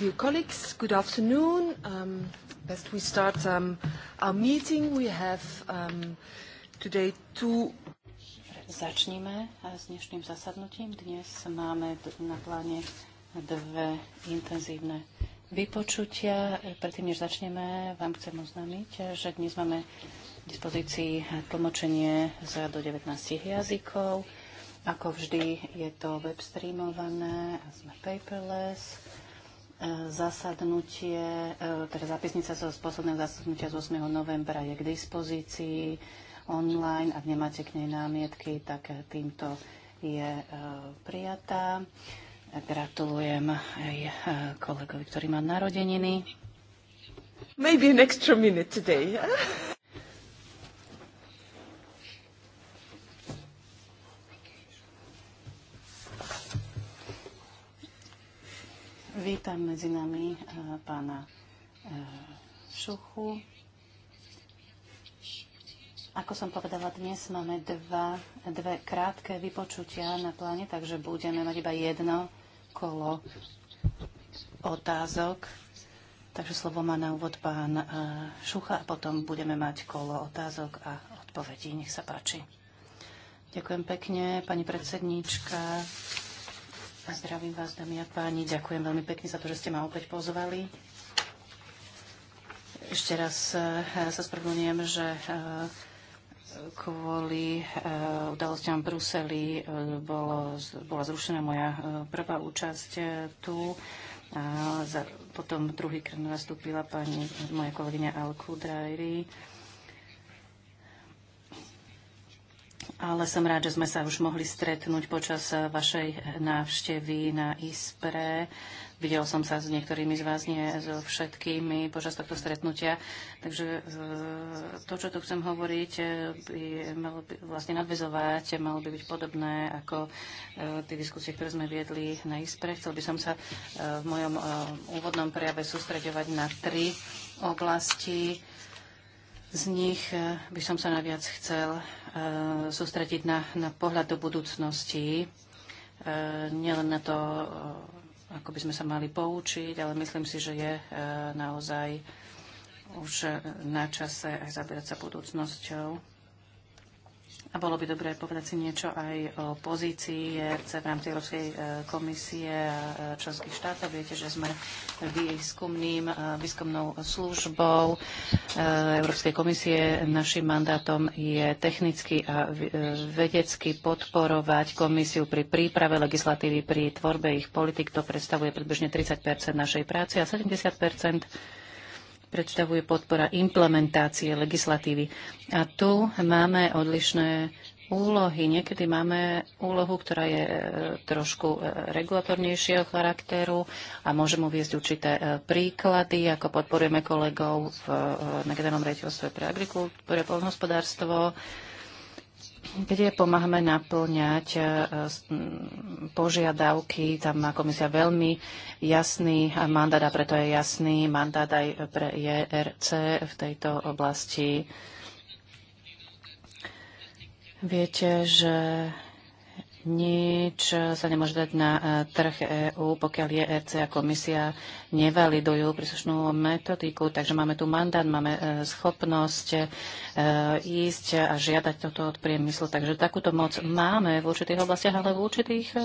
Dear colleagues, good afternoon. Um, best we start um, our meeting. We have um, today two... Začneme s dnešným zasadnutím. Dnes máme na pláne dve intenzívne vypočutia. Predtým, než začneme, vám chcem oznámiť, že dnes máme k dispozícii tlmočenie z do 19 jazykov. Ako vždy je to web streamované a sme paperless E, zasadnutie, e, teda sa zo posledného zasadnutia z 8. novembra je k dispozícii online. Ak nemáte k nej námietky, tak týmto je e, prijatá. Gratulujem aj kolegovi, ktorý má narodeniny. Maybe an extra minute today. Yeah? Vítam medzi nami eh, pána eh, Šuchu. Ako som povedala, dnes máme dva, dve krátke vypočutia na pláne, takže budeme mať iba jedno kolo otázok. Takže slovo má na úvod pán eh, Šucha a potom budeme mať kolo otázok a odpovedí. Nech sa páči. Ďakujem pekne, pani predsedníčka. Zdravím vás, dámy a páni. Ďakujem veľmi pekne za to, že ste ma opäť pozvali. Ešte raz e, sa spravedlňujem, že e, kvôli e, udalostiam v Bruseli bola zrušená moja prvá účasť tu. A za, potom druhýkrát nastúpila pani moja kolegyňa Al Kudrajri ale som rád, že sme sa už mohli stretnúť počas eh, vašej návštevy na ISPRE. Videl som sa s niektorými z vás, nie so všetkými počas tohto stretnutia. Takže eh, to, čo tu chcem hovoriť, eh, by malo by vlastne nadvezovať, malo by byť podobné ako tie diskusie, ktoré sme viedli na ISPRE. Chcel by som sa v mojom úvodnom prejave sústreďovať na tri oblasti z nich e, by som sa naviac chcel e, sústrediť na, na pohľad do budúcnosti, e, nielen na to, ako by sme sa mali poučiť, ale myslím si, že je naozaj už na čase aj zaberať sa budúcnosťou. A bolo by dobré povedať si niečo aj o pozícii ERC v rámci Európskej e, komisie a e, členských štátov. Viete, že sme výskumným, e, výskumnou službou Európskej komisie. Našim mandátom je technicky a vedecky podporovať komisiu pri príprave legislatívy, pri tvorbe ich politik. To predstavuje približne 30 našej práce a 70 predstavuje podpora implementácie legislatívy. A tu máme odlišné úlohy. Niekedy máme úlohu, ktorá je e, trošku e, regulatornejšieho charakteru a môžem uviezť určité e, príklady, ako podporujeme kolegov v, na generálnom pre agrikultúru, pre polnohospodárstvo, kde pomáhame naplňať e, požiadavky. Tam má komisia veľmi jasný mandát a preto je jasný mandát aj pre JRC e v tejto oblasti. Viete, že nič sa nemôže dať na e, trh EÚ, pokiaľ ERC e a komisia nevalidujú príslušnú metodiku. Takže máme tu mandát, máme e, schopnosť ísť a žiadať toto od priemyslu. Takže takúto moc máme v určitých oblastiach, ale v určitých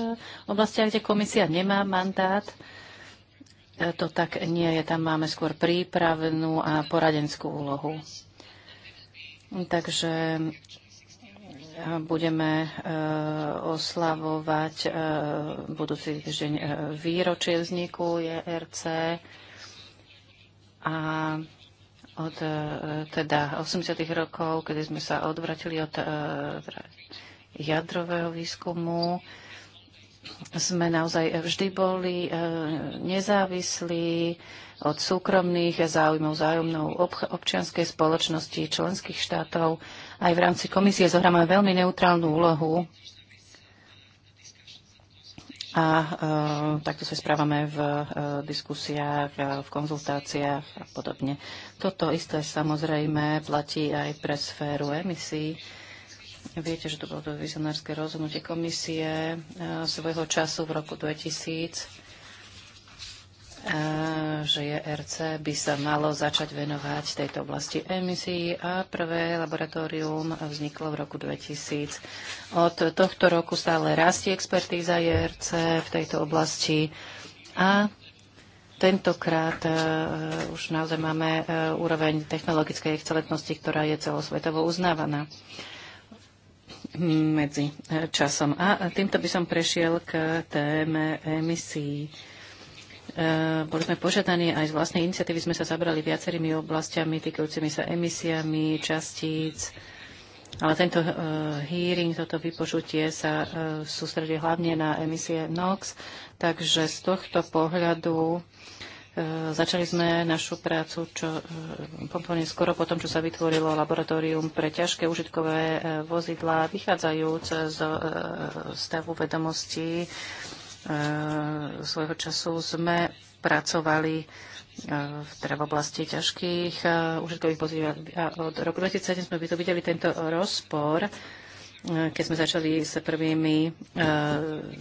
oblastiach, kde komisia nemá mandát, to tak nie je. Tam máme skôr prípravnú a poradenskú úlohu. Takže budeme eh, oslavovať eh, budúci týždeň eh, výročie vzniku JRC a od teda 80. rokov, kedy sme sa odvratili od teda jadrového výskumu, sme naozaj vždy boli nezávislí, od súkromných záujmov, zájomnou občianskej spoločnosti, členských štátov. Aj v rámci komisie zohráme veľmi neutrálnu úlohu a e, takto sa správame v e, diskusiách, e, v konzultáciách a podobne. Toto isté samozrejme platí aj pre sféru emisí. Viete, že to bolo to vizionárske rozhodnutie komisie e, svojho času v roku 2000 že JRC by sa malo začať venovať tejto oblasti emisí a prvé laboratórium vzniklo v roku 2000. Od tohto roku stále rastie expertíza JRC v tejto oblasti a tentokrát e, už naozaj máme e, úroveň technologickej excelentnosti, ktorá je celosvetovo uznávaná medzi e, časom. A týmto by som prešiel k téme emisí. E, boli sme požiadaní, aj z vlastnej iniciatívy sme sa zabrali viacerými oblastiami týkajúcimi sa emisiami, častíc, ale tento e, hearing, toto vypočutie sa e, sústredí hlavne na emisie NOx, takže z tohto pohľadu začali sme našu prácu čo, pomerne skoro po tom, čo sa vytvorilo laboratórium pre ťažké užitkové vozidlá, vychádzajúc z stavu vedomostí E, svojho času sme pracovali v, e, teda v oblasti ťažkých e, užitkových vozidel. A od roku 2007 sme by to videli tento rozpor, keď sme začali s prvými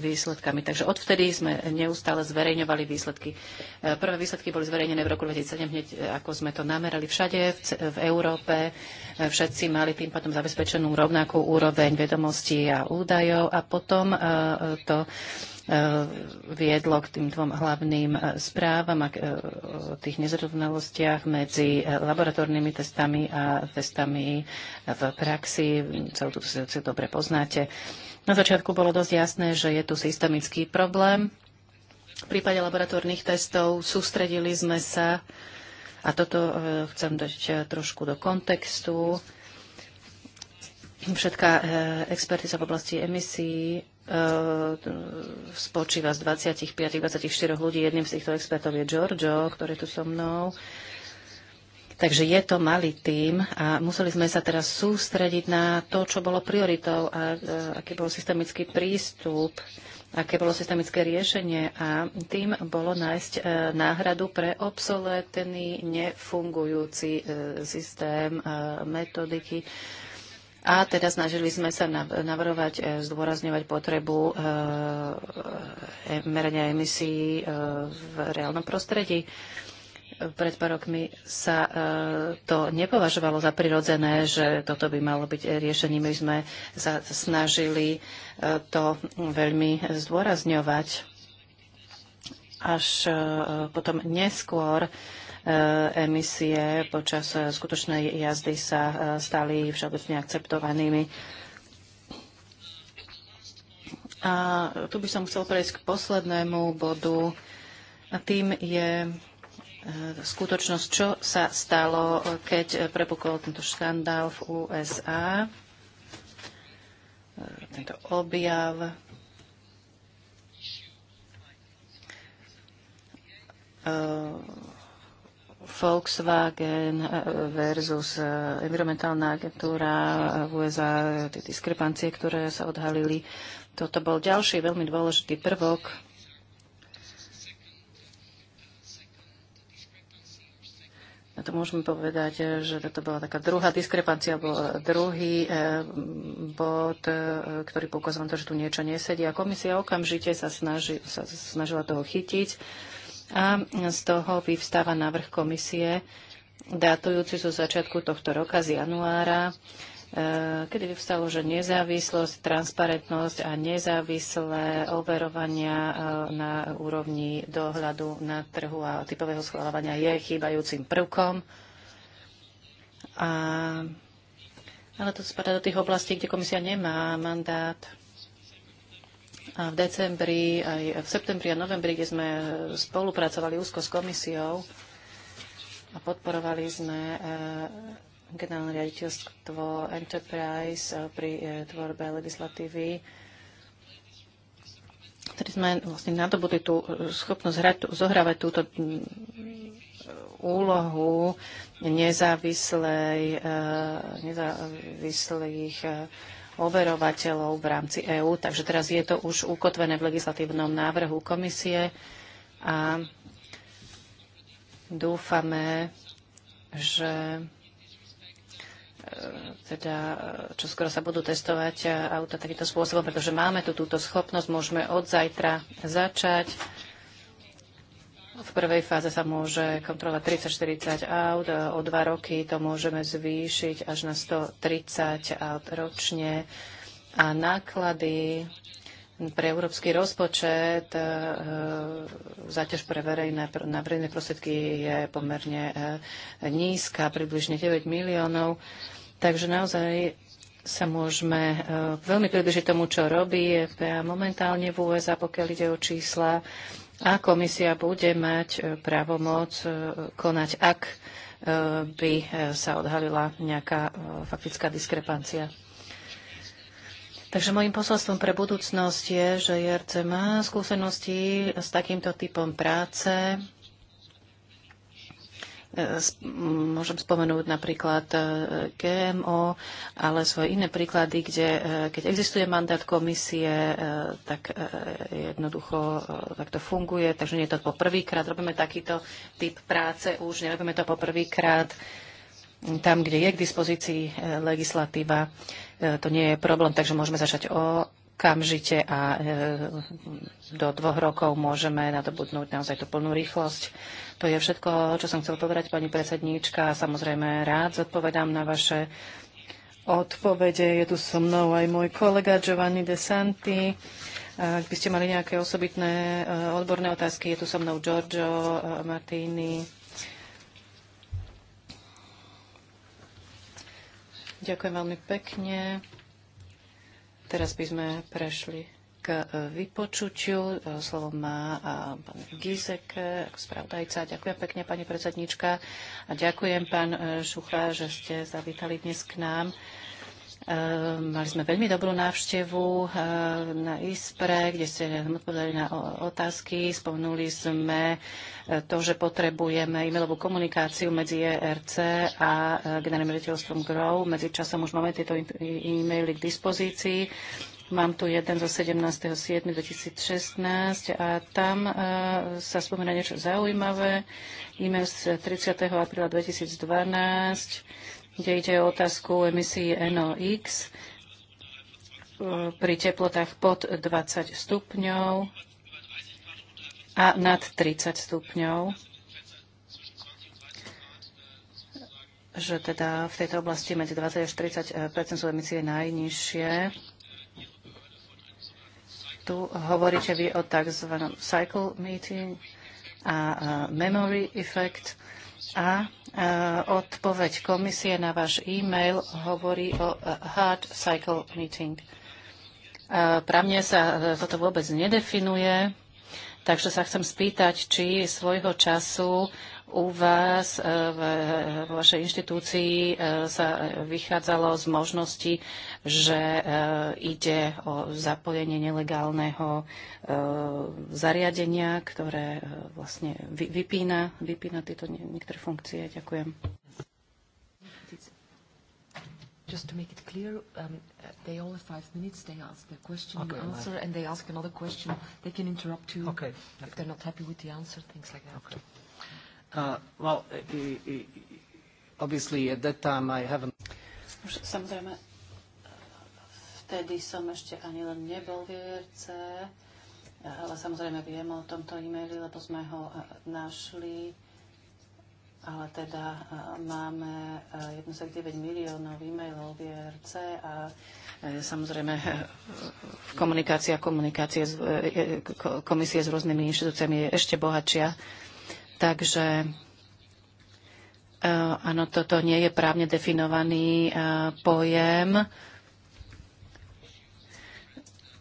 výsledkami. Takže odvtedy sme neustále zverejňovali výsledky. Prvé výsledky boli zverejnené v roku 2007, hneď ako sme to namerali všade v, v Európe. Všetci mali tým potom zabezpečenú rovnakú úroveň vedomostí a údajov a potom to Eh, viedlo k tým dvom hlavným eh, správam a eh, o tých nezrovnalostiach medzi laboratórnymi testami a testami v praxi. Celú tú situáciu dobre poznáte. Na začiatku bolo dosť jasné, že je tu systemický problém. V prípade laboratórnych testov sústredili sme sa, a toto chcem dať trošku do kontextu, všetká expertiza v oblasti emisí E, spočíva z 25-24 ľudí. Jedným z týchto expertov je Giorgio, ktorý je tu so mnou. Takže je to malý tým a museli sme sa teraz sústrediť na to, čo bolo prioritou a, aký bol systemický prístup, aké bolo systemické riešenie a tým bolo nájsť e, náhradu pre obsoletený, nefungujúci e, systém, e, metodiky, a teda snažili sme sa navrhovať, e, zdôrazňovať potrebu e, e, merania emisí v reálnom prostredí pred pár rokmi sa to nepovažovalo za prirodzené, že toto by malo byť riešením. My sme sa snažili to veľmi zdôrazňovať. Až potom neskôr Eh, emisie počas eh, skutočnej jazdy sa eh, stali všeobecne akceptovanými. A tu by som chcel prejsť k poslednému bodu a tým je skutočnosť, čo sa stalo, keď prepukol tento škandál v USA, tento objav. Uh, Volkswagen versus eh, environmentálna agentúra eh, v USA, eh, tie diskrepancie, ktoré sa odhalili. Toto bol ďalší veľmi dôležitý prvok A to môžeme povedať, že toto bola taká druhá diskrepancia, alebo druhý bod, ktorý poukazoval to, že tu niečo nesedí. A komisia okamžite sa, snaži, sa snažila toho chytiť a z toho vyvstáva návrh komisie datujúci zo začiatku tohto roka z januára, e, kedy vyvstalo, že nezávislosť, transparentnosť a nezávislé overovania e, na úrovni dohľadu na trhu a typového schváľovania je chýbajúcim prvkom. A, ale to spadá do tých oblastí, kde komisia nemá mandát v decembri, aj v septembri a novembri, kde sme spolupracovali úzko s komisiou a podporovali sme eh, generálne riaditeľstvo Enterprise pri eh, tvorbe legislatívy ktorý sme vlastne nadobudli tú schopnosť hrať, zohrávať túto mm, úlohu nezávislej, eh, nezávislých overovateľov v rámci EÚ. Takže teraz je to už ukotvené v legislatívnom návrhu komisie a dúfame, že e, teda čo skoro sa budú testovať auta takýmto spôsobom, pretože máme tu túto schopnosť, môžeme od zajtra začať v prvej fáze sa môže kontrolovať 30-40 aut, o dva roky to môžeme zvýšiť až na 130 aut ročne a náklady pre európsky rozpočet zaťaž e, záťaž pre verejné, na verejné prostriedky je pomerne e, nízka, približne 9 miliónov. Takže naozaj sa môžeme e, veľmi približiť tomu, čo robí FPA momentálne v USA, pokiaľ ide o čísla. A komisia bude mať e, právomoc e, konať, ak e, by sa odhalila nejaká faktická diskrepancia. Takže môjim posolstvom pre budúcnosť je, že JRC má skúsenosti s takýmto typom práce, E, môžem spomenúť napríklad e, GMO, ale sú aj iné príklady, kde e, keď existuje mandát komisie, tak jednoducho tak to funguje, takže nie je to po prvýkrát. Robíme takýto typ práce už, nerobíme to po prvýkrát tam, kde je k dispozícii legislatíva, to nie je problém, takže môžeme začať o, okamžite a e, do dvoch rokov môžeme nadobudnúť naozaj tú plnú rýchlosť. To je všetko, čo som chcel povedať, pani predsedníčka. Samozrejme, rád zodpovedám na vaše odpovede. Je tu so mnou aj môj kolega Giovanni De Santi. Ak by ste mali nejaké osobitné e, odborné otázky, je tu so mnou Giorgio e, Martini. Ďakujem veľmi pekne. Teraz by sme prešli k e, vypočutiu. E, slovo má e, pán Gizek, ako spravodajca. Ďakujem pekne, pani predsednička. A ďakujem, pán Šuchá, že ste zavítali dnes k nám. Ehm, mali sme veľmi dobrú návštevu ehm, na ISPRE, kde ste odpovedali na otázky. Spomenuli sme e, to, že potrebujeme e-mailovú komunikáciu medzi ERC a e, generálnym riaditeľstvom GROW. Medzi časom už máme tieto e-maily k dispozícii. Mám tu jeden zo 17.7.2016 a tam e, sa spomína niečo zaujímavé. E-mail z 30. apríla 2012 kde ide o otázku emisí NOx e, pri teplotách pod 20 stupňov a nad 30 stupňov. že teda v tejto oblasti medzi 20 až 30 e, sú emisie najnižšie. Tu hovoríte vy o tzv. cycle meeting a e, memory effect. A e, odpoveď komisie na váš e-mail hovorí o hard cycle meeting. E, pra mne sa e, toto vôbec nedefinuje, takže sa chcem spýtať, či svojho času u vás e, v, vašej inštitúcii e, sa vychádzalo z možnosti, že e, ide o zapojenie nelegálneho zariadenia, ktoré vlastne vypína, vypína tieto niektoré funkcie. Ďakujem. Just to make it clear, um, they all have five minutes. They ask their question, okay, you answer, right. and they ask another question. They can interrupt you okay. if okay. they're not happy with the answer, things like that. Okay. Uh, well, obviously at that time I haven't... Už samozrejme, vtedy som ešte ani len nebol v JRC, ale samozrejme viem o tomto e-maili, lebo sme ho eh, našli. Ale teda eh, máme 1,9 eh, miliónov e-mailov v JRC a samozrejme komunikácia komunikácie z, komisie s rôznymi inštitúciami je ešte bohatšia Takže e, áno, toto nie je právne definovaný e, pojem.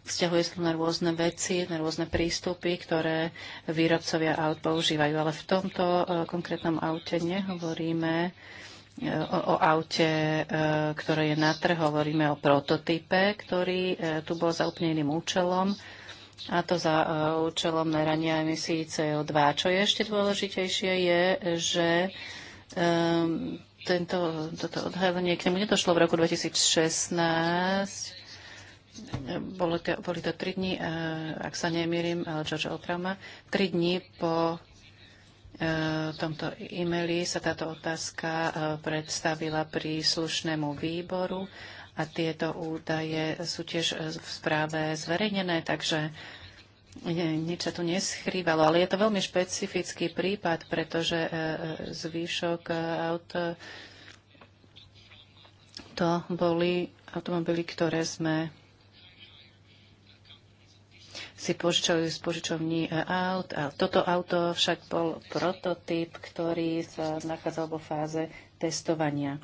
Vzťahuje sa na rôzne veci, na rôzne prístupy, ktoré výrobcovia aut používajú. Ale v tomto e, konkrétnom aute nehovoríme o, o aute, ktoré je na trh, hovoríme o prototype, ktorý tu bol za úplne iným účelom a to za e, účelom merania emisí CO2. Čo je ešte dôležitejšie je, že um, tento, toto odhalenie k nemu nedošlo v roku 2016. Boli to, boli to tri dní, e, ak sa nemýlim, George Oprama, tri dní po tomto e-maili sa táto otázka predstavila príslušnému výboru a tieto údaje sú tiež v správe zverejnené, takže nič sa tu neschrývalo. Ale je to veľmi špecifický prípad, pretože e, e, zvýšok e, aut to boli automobily, ktoré sme si požičali z požičovní aut. A toto auto však bol prototyp, ktorý sa nachádzal vo fáze testovania.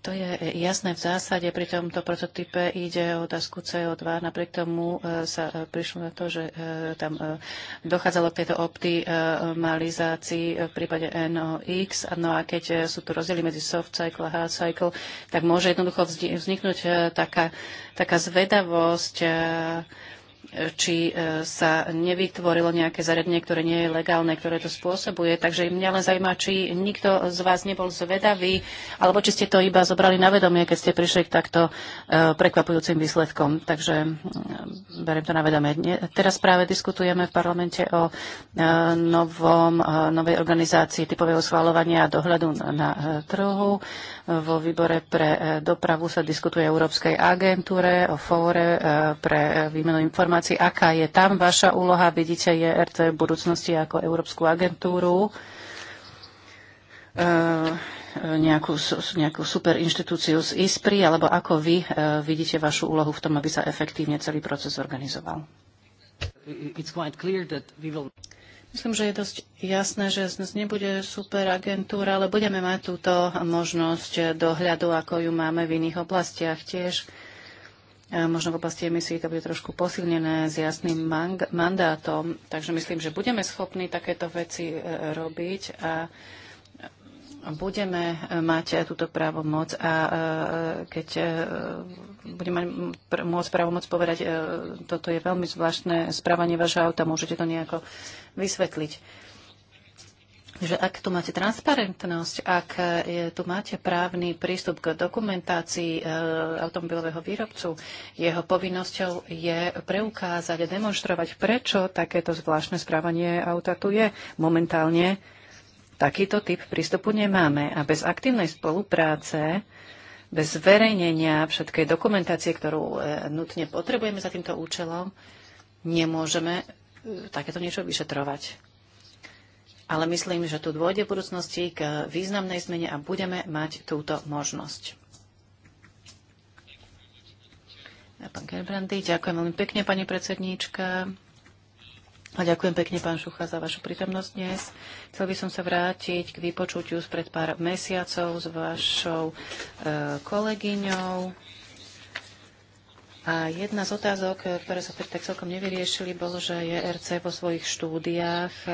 To je jasné v zásade. Pri tomto prototype ide o otázku CO2. Napriek tomu e, sa e, prišlo na to, že e, tam dochádzalo k tejto optimalizácii v prípade NOx. No a keď sú tu rozdiely medzi soft cycle a hard cycle, tak môže jednoducho vzniknúť taká, taká zvedavosť či e, sa nevytvorilo nejaké zariadenie, ktoré nie je legálne, ktoré to spôsobuje. Takže mňa len zaujíma, či nikto z vás nebol zvedavý, alebo či ste to iba zobrali na vedomie, keď ste prišli k takto e, prekvapujúcim výsledkom. Takže beriem to na vedomie. Teraz práve diskutujeme v parlamente o e, novom, novej organizácii typového schváľovania a dohľadu na trhu. Vo výbore pre dopravu sa diskutuje o Európskej agentúre, o fóre pre výmenu informácií informácií, aká je tam vaša úloha. Vidíte JRT v budúcnosti ako Európsku agentúru, e, nejakú, nejakú super inštitúciu z ISPRI, alebo ako vy e, vidíte vašu úlohu v tom, aby sa efektívne celý proces organizoval? Will... Myslím, že je dosť jasné, že z nás nebude super agentúra, ale budeme mať túto možnosť dohľadu, ako ju máme v iných oblastiach tiež. Možno v oblasti emisí to bude trošku posilnené s jasným mandátom, takže myslím, že budeme schopní takéto veci e, robiť a budeme e, mať e, túto právomoc a keď budeme mať pr- môcť právomoc povedať, toto je veľmi zvláštne správanie vášho auta, môžete to nejako vysvetliť že ak tu máte transparentnosť, ak e, tu máte právny prístup k dokumentácii e, automobilového výrobcu, jeho povinnosťou je preukázať a demonstrovať, prečo takéto zvláštne správanie auta tu je. Momentálne takýto typ prístupu nemáme a bez aktívnej spolupráce bez zverejnenia všetkej dokumentácie, ktorú e, nutne potrebujeme za týmto účelom, nemôžeme takéto niečo vyšetrovať ale myslím, že tu dôjde v budúcnosti k významnej zmene a budeme mať túto možnosť. Pán Gerbrandy, ďakujem veľmi pekne, pani predsedníčka. A ďakujem pekne, pán Šucha, za vašu prítomnosť dnes. Chcel by som sa vrátiť k vypočutiu spred pár mesiacov s vašou e, kolegyňou. A jedna z otázok, ktoré sa tak celkom nevyriešili, bolo, že je RC vo svojich štúdiách e,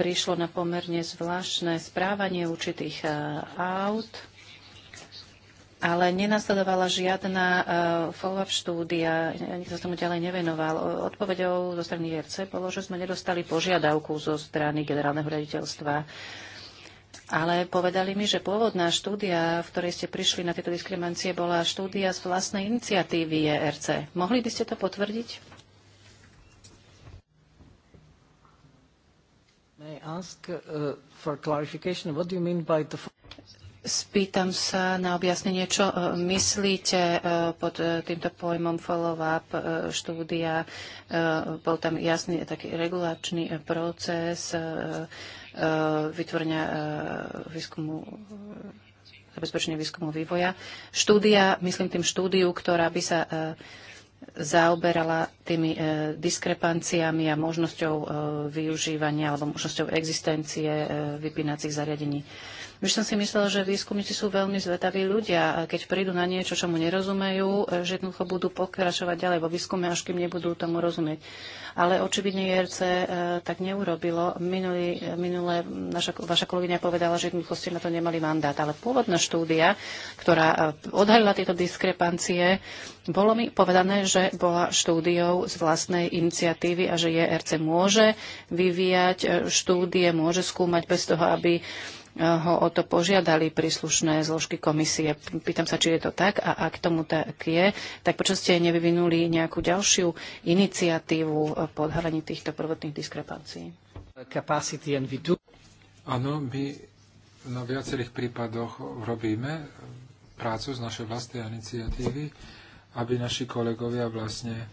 prišlo na pomerne zvláštne správanie určitých e, aut, ale nenasledovala žiadna e, follow-up štúdia, nikto sa tomu ďalej nevenoval. Odpovedou zo strany ERC bolo, že sme nedostali požiadavku zo strany generálneho raditeľstva ale povedali mi, že pôvodná štúdia, v ktorej ste prišli na tieto diskriminácie, bola štúdia z vlastnej iniciatívy ERC. Mohli by ste to potvrdiť? ask uh, for clarification, what do you mean by the... Spýtam sa na objasnenie, čo uh, myslíte uh, pod uh, týmto pojmom follow-up štúdia. Bol tam jasný taký regulačný proces vytvorenia výskumu zabezpečenia výskumu vývoja. Štúdia, myslím tým štúdiu, ktorá by sa zaoberala tými e, diskrepanciami a možnosťou e, využívania alebo možnosťou existencie e, vypínacích zariadení. Už som si myslela, že výskumníci sú veľmi zvetaví ľudia a keď prídu na niečo, čo mu nerozumejú, že jednoducho budú pokračovať ďalej vo výskume, až kým nebudú tomu rozumieť. Ale očividne IRC e, tak neurobilo. Minulý, minule naša, vaša kolegyňa povedala, že jednoducho ste na to nemali mandát. Ale pôvodná štúdia, ktorá odhalila tieto diskrepancie, bolo mi povedané, že bola štúdiou, z vlastnej iniciatívy a že JRC e môže vyvíjať e, štúdie, môže skúmať bez toho, aby e, ho o to požiadali príslušné zložky komisie. Pýtam sa, či je to tak a ak tomu tak je, tak prečo ste nevyvinuli nejakú ďalšiu iniciatívu pod hraní týchto prvotných diskrepancií? Áno, my na viacerých prípadoch robíme prácu z našej vlastnej iniciatívy, aby naši kolegovia vlastne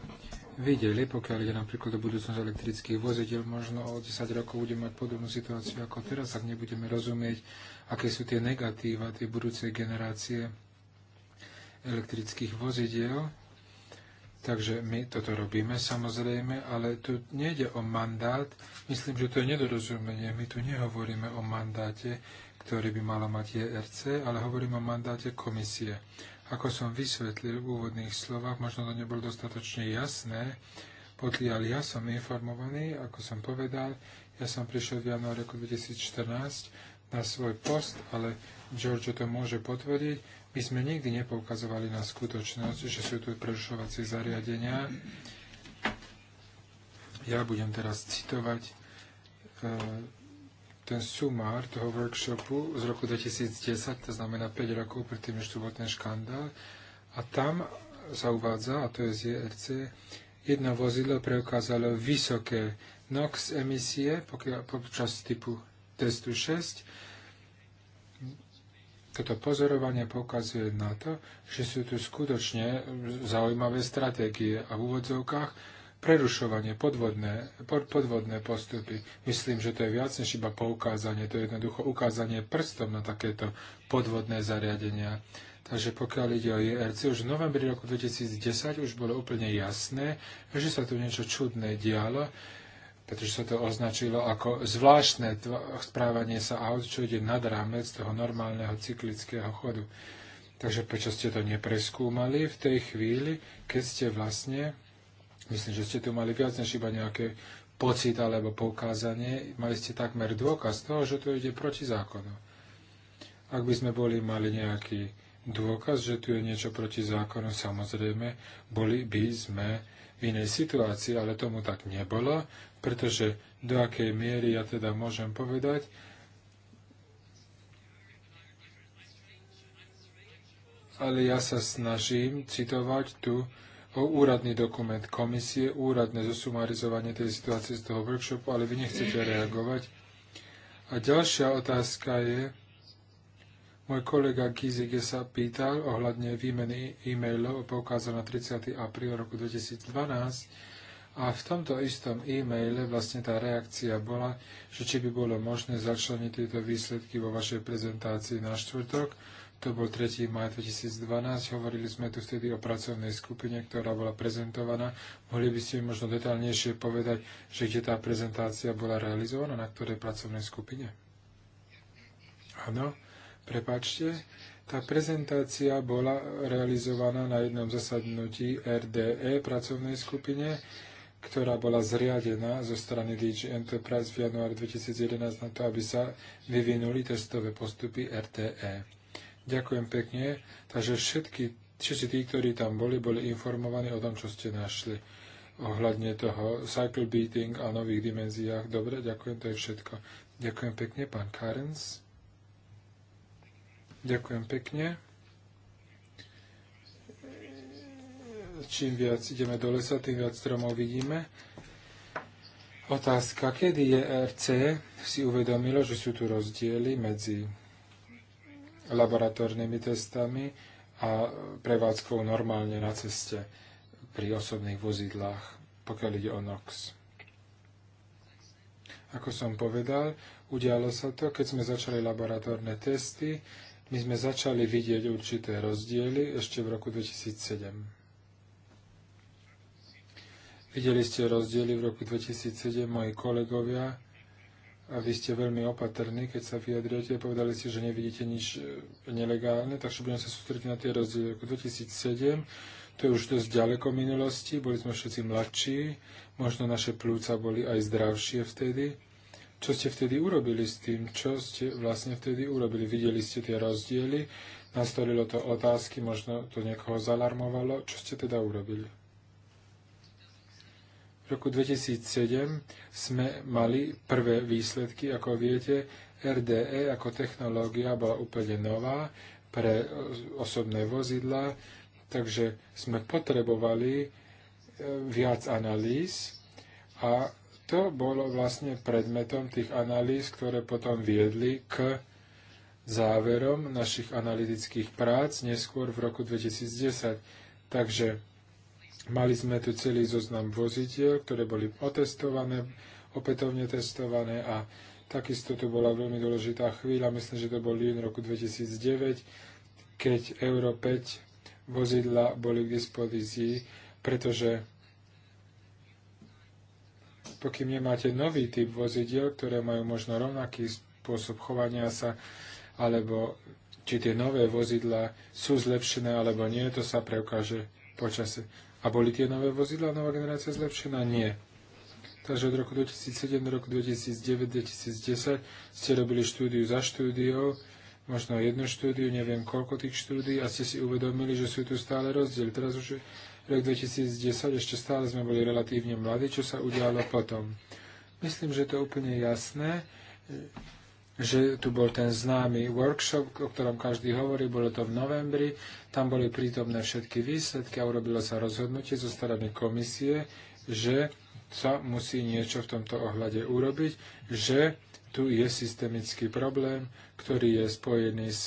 videli, pokiaľ ide napríklad o budúcnosť elektrických vozidel, možno o 10 rokov budeme mať podobnú situáciu ako teraz, ak nebudeme rozumieť, aké sú tie negatíva tie budúcej generácie elektrických vozidiel. Takže my toto robíme samozrejme, ale tu nejde o mandát. Myslím, že to je nedorozumenie. My tu nehovoríme o mandáte, ktorý by mala mať ERC, ale hovoríme o mandáte komisie. Ako som vysvetlil v úvodných slovách, možno to nebolo dostatočne jasné, podľa ja som informovaný, ako som povedal, ja som prišiel v januári roku 2014 na svoj post, ale George to môže potvrdiť, my sme nikdy nepoukazovali na skutočnosť, že sú tu prerušovacie zariadenia. Ja budem teraz citovať e, ten sumár toho workshopu z roku 2010, to znamená 5 rokov predtým, než tu bol ten škandál. A tam sa uvádza, a to je z JRC, e jedno vozidlo preukázalo vysoké NOx emisie počas typu testu 6. Toto pozorovanie pokazuje na to, že sú tu skutočne zaujímavé stratégie a v úvodzovkách prerušovanie, podvodné, podvodné postupy. Myslím, že to je viac než iba poukázanie, to je jednoducho ukázanie prstom na takéto podvodné zariadenia. Takže pokiaľ ide o IRC, e už v novembri roku 2010 už bolo úplne jasné, že sa tu niečo čudné dialo, pretože sa to označilo ako zvláštne správanie sa aut, čo ide nad rámec toho normálneho cyklického chodu. Takže prečo ste to nepreskúmali v tej chvíli, keď ste vlastne Myslím, že ste tu mali viac než iba nejaké pocit alebo poukázanie. Mali ste takmer dôkaz toho, že tu ide proti zákonu. Ak by sme boli mali nejaký dôkaz, že tu je niečo proti zákonu, samozrejme, boli by sme v inej situácii, ale tomu tak nebolo, pretože do akej miery ja teda môžem povedať, ale ja sa snažím citovať tu o úradný dokument komisie, úradné zosumarizovanie tej situácie z toho workshopu, ale vy nechcete reagovať. A ďalšia otázka je, môj kolega Kizige sa pýtal ohľadne výmeny e-mailov, poukázal na 30. apríl roku 2012 a v tomto istom e-maile vlastne tá reakcia bola, že či by bolo možné začleniť tieto výsledky vo vašej prezentácii na štvrtok, to bol 3. maj 2012, hovorili sme tu vtedy o pracovnej skupine, ktorá bola prezentovaná. Mohli by ste mi možno detálnejšie povedať, že kde tá prezentácia bola realizovaná, na ktorej pracovnej skupine? Áno, prepáčte. Tá prezentácia bola realizovaná na jednom zasadnutí RDE pracovnej skupine, ktorá bola zriadená zo strany DG Enterprise v januári 2011 na to, aby sa vyvinuli testové postupy RTE. Ďakujem pekne. Takže všetky, všetci tí, ktorí tam boli, boli informovaní o tom, čo ste našli ohľadne toho cycle beating a nových dimenziách. Dobre, ďakujem, to je všetko. Ďakujem pekne, pán Karens. Ďakujem pekne. Čím viac ideme do lesa, tým viac stromov vidíme. Otázka, kedy je RC si uvedomilo, že sú tu rozdiely medzi laboratórnymi testami a prevádzkou normálne na ceste pri osobných vozidlách, pokiaľ ide o NOx. Ako som povedal, udialo sa to, keď sme začali laboratórne testy, my sme začali vidieť určité rozdiely ešte v roku 2007. Videli ste rozdiely v roku 2007, moji kolegovia, a vy ste veľmi opatrní, keď sa vyjadrujete, povedali ste, že nevidíte nič e, nelegálne, takže budeme sa sústrediť na tie rozdiely. Roku 2007, to je už dosť ďaleko minulosti, boli sme všetci mladší, možno naše plúca boli aj zdravšie vtedy. Čo ste vtedy urobili s tým? Čo ste vlastne vtedy urobili? Videli ste tie rozdiely? Nastolilo to otázky, možno to niekoho zalarmovalo. Čo ste teda urobili? V roku 2007 sme mali prvé výsledky, ako viete, RDE ako technológia bola úplne nová pre osobné vozidla, takže sme potrebovali e, viac analýz a to bolo vlastne predmetom tých analýz, ktoré potom viedli k záverom našich analytických prác neskôr v roku 2010. Takže Mali sme tu celý zoznam vozidiel, ktoré boli otestované, opätovne testované a takisto tu bola veľmi dôležitá chvíľa, myslím, že to bol jún roku 2009, keď Euro 5 vozidla boli k dispozícii, pretože pokým nemáte nový typ vozidiel, ktoré majú možno rovnaký spôsob chovania sa, alebo či tie nové vozidla sú zlepšené alebo nie, to sa preukáže počasie. A boli tie nové vozidla, nová generácia zlepšená? Nie. Takže od roku 2007 do roku 2009, 2010 ste robili štúdiu za štúdiou, možno jednu štúdiu, neviem koľko tých štúdií a ste si uvedomili, že sú tu stále rozdiely. Teraz už rok 2010, ešte stále sme boli relatívne mladí, čo sa udialo potom. Myslím, že to je úplne jasné že tu bol ten známy workshop, o ktorom každý hovorí, bolo to v novembri, tam boli prítomné všetky výsledky a urobilo sa rozhodnutie zo strany komisie, že sa musí niečo v tomto ohľade urobiť, že tu je systemický problém, ktorý je spojený s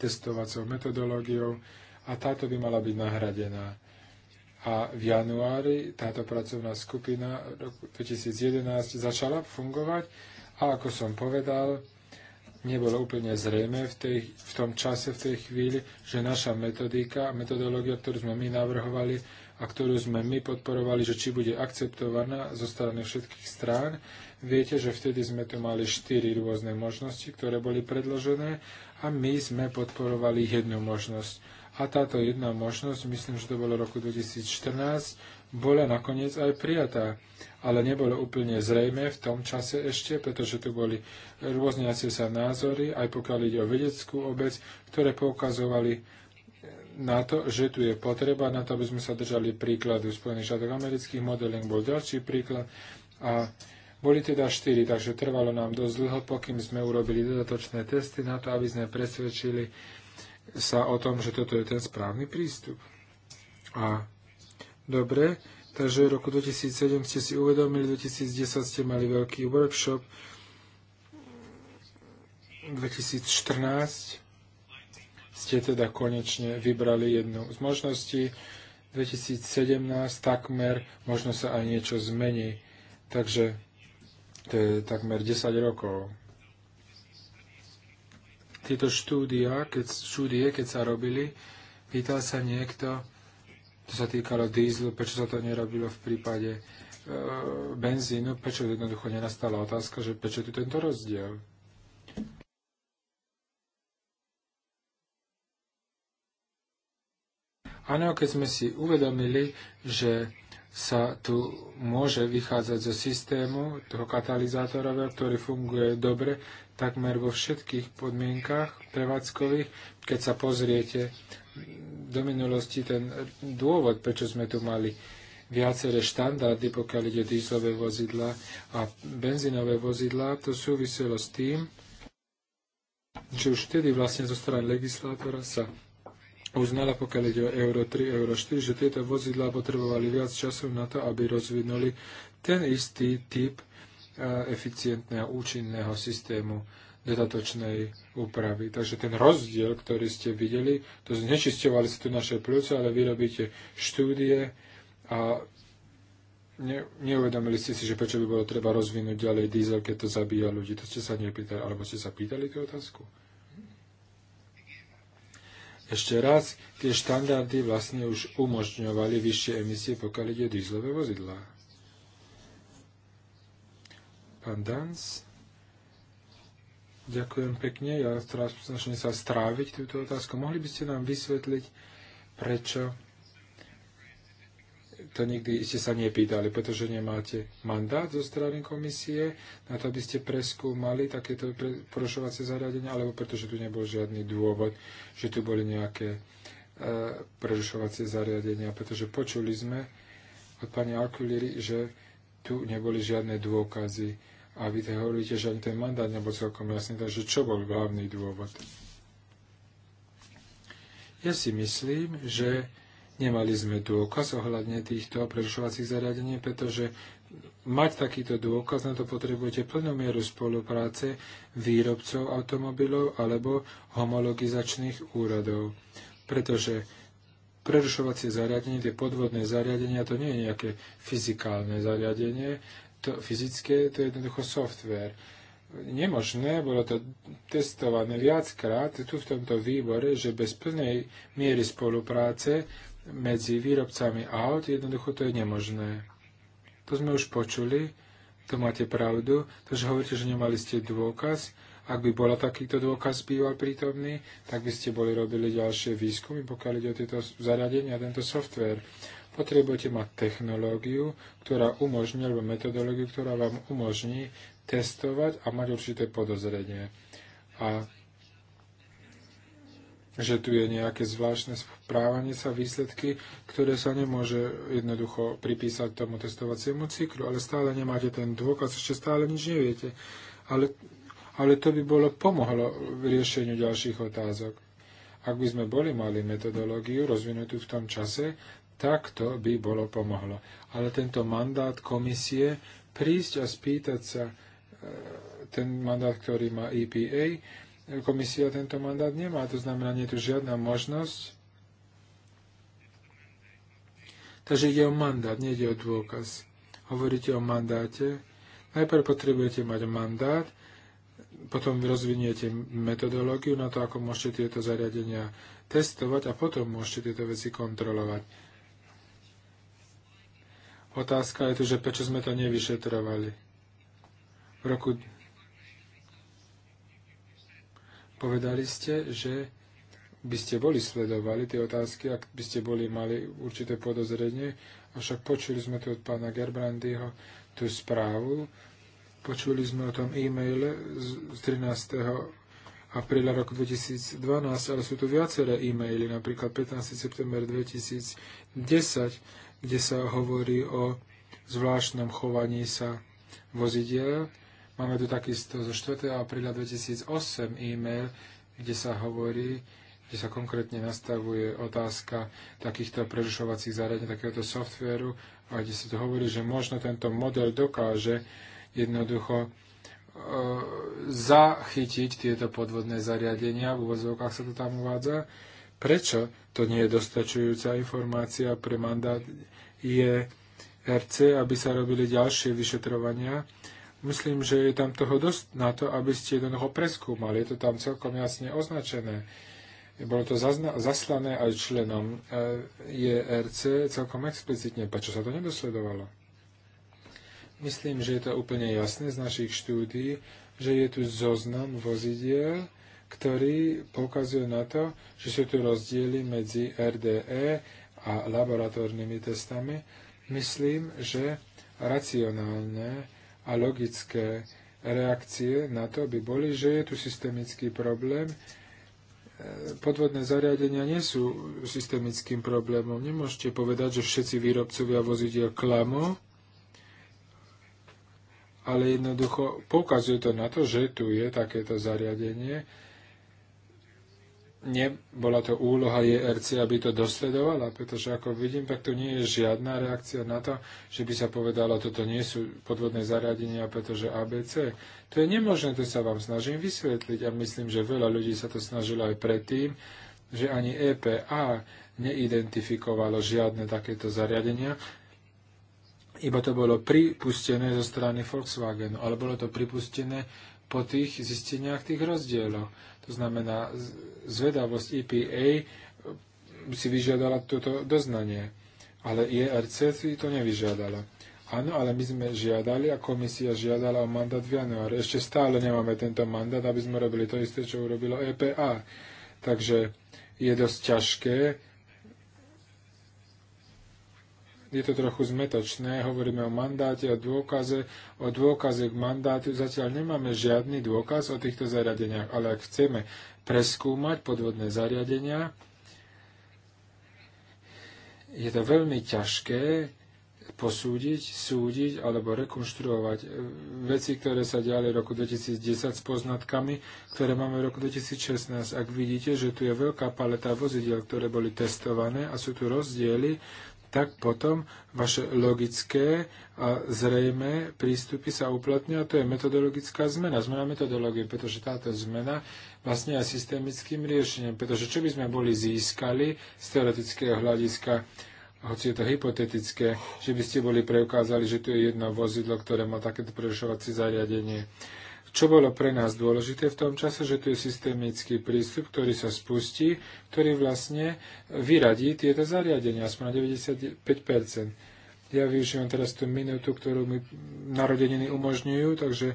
testovacou metodológiou a táto by mala byť nahradená. A v januári táto pracovná skupina roku 2011 začala fungovať a ako som povedal, nebolo úplne zrejme v, tej, v tom čase, v tej chvíli, že naša metodika, metodológia, ktorú sme my navrhovali a ktorú sme my podporovali, že či bude akceptovaná zo strany všetkých strán, viete, že vtedy sme tu mali štyri rôzne možnosti, ktoré boli predložené a my sme podporovali jednu možnosť. A táto jedna možnosť, myslím, že to bolo roku 2014, bola nakoniec aj prijatá, ale nebolo úplne zrejme v tom čase ešte, pretože tu boli rôzniace sa názory, aj pokiaľ ide o vedeckú obec, ktoré poukazovali na to, že tu je potreba na to, aby sme sa držali príkladu Spojených štátov amerických, modeling bol ďalší príklad a boli teda štyri, takže trvalo nám dosť dlho, pokým sme urobili dodatočné testy na to, aby sme presvedčili sa o tom, že toto je ten správny prístup. A Dobre, takže v roku 2007 ste si uvedomili, 2010 ste mali veľký workshop, 2014 ste teda konečne vybrali jednu z možností, 2017 takmer, možno sa aj niečo zmení. Takže to je takmer 10 rokov. Tieto štúdia, keď, štúdie, keď sa robili, pýtal sa niekto, to sa týkalo dýzlu, prečo sa to nerobilo v prípade e, benzínu, prečo jednoducho nenastala otázka, že prečo tu tento rozdiel. Áno, keď sme si uvedomili, že sa tu môže vychádzať zo systému toho katalizátorového, ktorý funguje dobre takmer vo všetkých podmienkach prevádzkových. Keď sa pozriete do minulosti ten dôvod, prečo sme tu mali viaceré štandardy, pokiaľ ide dýzlové vozidla a benzínové vozidla, to súviselo s tým, že už vtedy vlastne zo strany legislátora sa uznala, pokiaľ ide o Euro 3, Euro 4, že tieto vozidlá potrebovali viac času na to, aby rozvinuli ten istý typ eficientného účinného systému dodatočnej úpravy. Takže ten rozdiel, ktorý ste videli, to znečisťovali ste tu naše pľúce, ale vy robíte štúdie a ne, neuvedomili ste si, že prečo by bolo treba rozvinúť ďalej diesel, keď to zabíja ľudí. To ste sa nepýtali, alebo ste sa pýtali tú otázku? Ešte raz, tie štandardy vlastne už umožňovali vyššie emisie, pokiaľ ide o vozidlá. Pán Dans? Ďakujem pekne. Ja teraz snažím sa stráviť túto otázku. Mohli by ste nám vysvetliť, prečo to nikdy ste sa nepýtali, pretože nemáte mandát zo strany komisie na to, aby ste preskúmali takéto porušovacie zariadenia, alebo pretože tu nebol žiadny dôvod, že tu boli nejaké e, prerušovacie zariadenia, pretože počuli sme od pani Alkulíry, že tu neboli žiadne dôkazy a vy teda hovoríte, že ani ten mandát nebol celkom jasný, takže čo bol hlavný dôvod? Ja si myslím, že nemali sme dôkaz ohľadne týchto prerušovacích zariadení, pretože mať takýto dôkaz, na to potrebujete plnú mieru spolupráce výrobcov automobilov alebo homologizačných úradov. Pretože prerušovacie zariadenie, tie podvodné zariadenia, to nie je nejaké fyzikálne zariadenie, to fyzické, to je jednoducho software. Nemožné, bolo to testované viackrát tu v tomto výbore, že bez plnej miery spolupráce medzi výrobcami aut jednoducho to je nemožné. To sme už počuli, to máte pravdu, to, že hovoríte, že nemali ste dôkaz, ak by bola takýto dôkaz býval prítomný, tak by ste boli robili ďalšie výskumy, pokiaľ ide o tieto zariadenia, tento software. Potrebujete mať technológiu, ktorá umožní, alebo metodológiu, ktorá vám umožní testovať a mať určité podozrenie. A že tu je nejaké zvláštne správanie sa, výsledky, ktoré sa nemôže jednoducho pripísať tomu testovaciemu cyklu, ale stále nemáte ten dôkaz, ešte stále nič neviete. Ale, ale to by bolo pomohlo v riešeniu ďalších otázok. Ak by sme boli mali metodológiu rozvinutú v tom čase, tak to by bolo pomohlo. Ale tento mandát komisie prísť a spýtať sa, e, ten mandát, ktorý má EPA, komisia tento mandát nemá. To znamená, nie je tu žiadna možnosť. Takže ide o mandát, nie ide o dôkaz. Hovoríte o mandáte. Najprv potrebujete mať mandát, potom rozviniete metodológiu na to, ako môžete tieto zariadenia testovať a potom môžete tieto veci kontrolovať. Otázka je tu, že prečo sme to nevyšetrovali. V roku povedali ste, že by ste boli sledovali tie otázky, ak by ste boli mali určité podozrenie. Avšak počuli sme tu od pána Gerbrandyho tú správu. Počuli sme o tom e-maile z 13. apríla roku 2012, ale sú tu viaceré e-maily, napríklad 15. september 2010, kde sa hovorí o zvláštnom chovaní sa vozidiel. Máme tu takisto zo 4. apríla 2008 e-mail, kde sa hovorí, kde sa konkrétne nastavuje otázka takýchto prerušovacích zariadení, takéhoto softvéru, a kde sa tu hovorí, že možno tento model dokáže jednoducho e, zachytiť tieto podvodné zariadenia, v úvodzovkách sa to tam uvádza, Prečo to nie je dostačujúca informácia pre mandát IRC, aby sa robili ďalšie vyšetrovania? Myslím, že je tam toho dosť na to, aby ste jednoducho preskúmali. Je to tam celkom jasne označené. Bolo to zaslané aj členom eh, IRC celkom explicitne. Prečo sa to nedosledovalo? Myslím, že je to úplne jasné z našich štúdí, že je tu zoznam vozidiel, ktorý poukazuje na to, že sú tu rozdiely medzi RDE a laboratórnymi testami. Myslím, že racionálne a logické reakcie na to by boli, že je tu systemický problém. E, podvodné zariadenia nie sú systemickým problémom. Nemôžete povedať, že všetci výrobcovia vozidiel klamú, ale jednoducho poukazuje to na to, že tu je takéto zariadenie nebola to úloha JRC, aby to dosledovala, pretože ako vidím, tak to nie je žiadna reakcia na to, že by sa povedalo, toto nie sú podvodné zariadenia, pretože ABC. To je nemožné, to sa vám snažím vysvetliť a myslím, že veľa ľudí sa to snažilo aj predtým, že ani EPA neidentifikovalo žiadne takéto zariadenia, iba to bolo pripustené zo strany Volkswagenu, ale bolo to pripustené po tých zisteniach tých rozdielov. To znamená, zvedavosť EPA si vyžiadala toto doznanie, ale IRC e si to nevyžiadala. Áno, ale my sme žiadali a komisia žiadala o mandát v januári. Ešte stále nemáme tento mandát, aby sme robili to isté, čo urobilo EPA. Takže je dosť ťažké je to trochu zmetočné. Hovoríme o mandáte, a dôkaze, o dôkaze k mandátu. Zatiaľ nemáme žiadny dôkaz o týchto zariadeniach, ale ak chceme preskúmať podvodné zariadenia, je to veľmi ťažké posúdiť, súdiť alebo rekonštruovať eh, veci, ktoré sa diali v roku 2010 s poznatkami, ktoré máme v roku 2016. Ak vidíte, že tu je veľká paleta vozidiel, ktoré boli testované a sú tu rozdiely tak potom vaše logické a zrejme prístupy sa uplatňujú a to je metodologická zmena. Zmena metodológie, pretože táto zmena vlastne je systemickým riešením. Pretože čo by sme boli získali z teoretického hľadiska, hoci je to hypotetické, že by ste boli preukázali, že tu je jedno vozidlo, ktoré má takéto prerušovacie zariadenie čo bolo pre nás dôležité v tom čase, že tu je systemický prístup, ktorý sa spustí, ktorý vlastne vyradí tieto zariadenia, aspoň na 95%. Ja využívam teraz tú minútu, ktorú mi narodeniny umožňujú, takže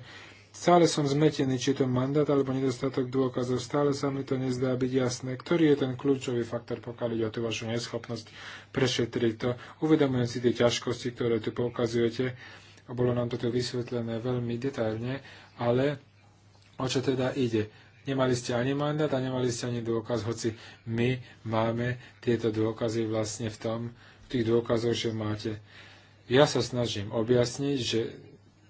stále som zmetený, či je to mandát alebo nedostatok dôkazov. Stále sa mi to nezdá byť jasné, ktorý je ten kľúčový faktor, pokiaľ ide o tú vašu neschopnosť prešetriť to. Uvedomujem si tie ťažkosti, ktoré tu poukazujete a bolo nám toto vysvetlené veľmi detailne ale o čo teda ide? Nemali ste ani mandát a nemali ste ani dôkaz, hoci my máme tieto dôkazy vlastne v tom, v tých dôkazoch, že máte. Ja sa snažím objasniť, že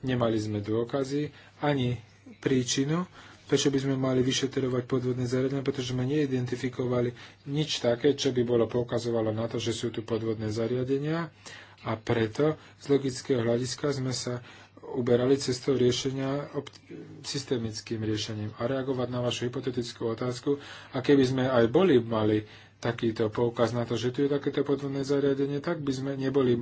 nemali sme dôkazy ani príčinu, prečo by sme mali vyšetrovať podvodné zariadenia, pretože sme neidentifikovali nič také, čo by bolo poukazovalo na to, že sú tu podvodné zariadenia a preto z logického hľadiska sme sa uberali cestou riešenia systemickým riešením. A reagovať na vašu hypotetickú otázku, a keby sme aj boli mali takýto poukaz na to, že tu je takéto podvodné zariadenie, tak by sme neboli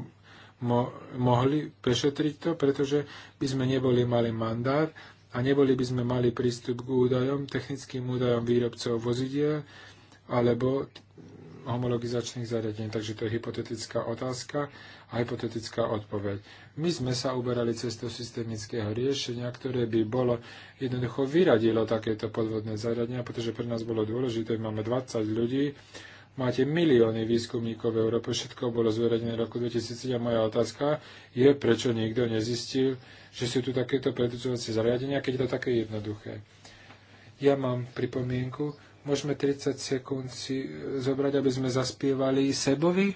mo- mohli prešetriť to, pretože by sme neboli mali mandát a neboli by sme mali prístup k údajom, technickým údajom výrobcov vozidiel alebo homologizačných zariadení. Takže to je hypotetická otázka a hypotetická odpoveď. My sme sa uberali cestou systemického riešenia, ktoré by bolo jednoducho vyradilo takéto podvodné zariadenia, pretože pre nás bolo dôležité, máme 20 ľudí, Máte milióny výskumníkov v Európe, všetko bolo zverejnené v roku 2007 moja otázka je, prečo nikto nezistil, že sú tu takéto predúčovacie zariadenia, keď je to také jednoduché. Ja mám pripomienku. Môžeme 30 sekúnd si e, zobrať, aby sme zaspievali Sebovi?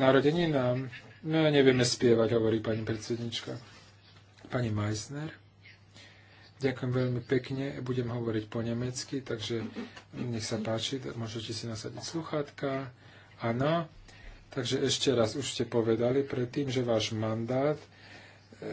Narodení nám. No, nevieme spievať, hovorí pani predsednička. Pani Meissner. Ďakujem veľmi pekne, budem hovoriť po nemecky, takže nech sa páči, môžete si nasadiť sluchátka. Áno, takže ešte raz už ste povedali predtým, že váš mandát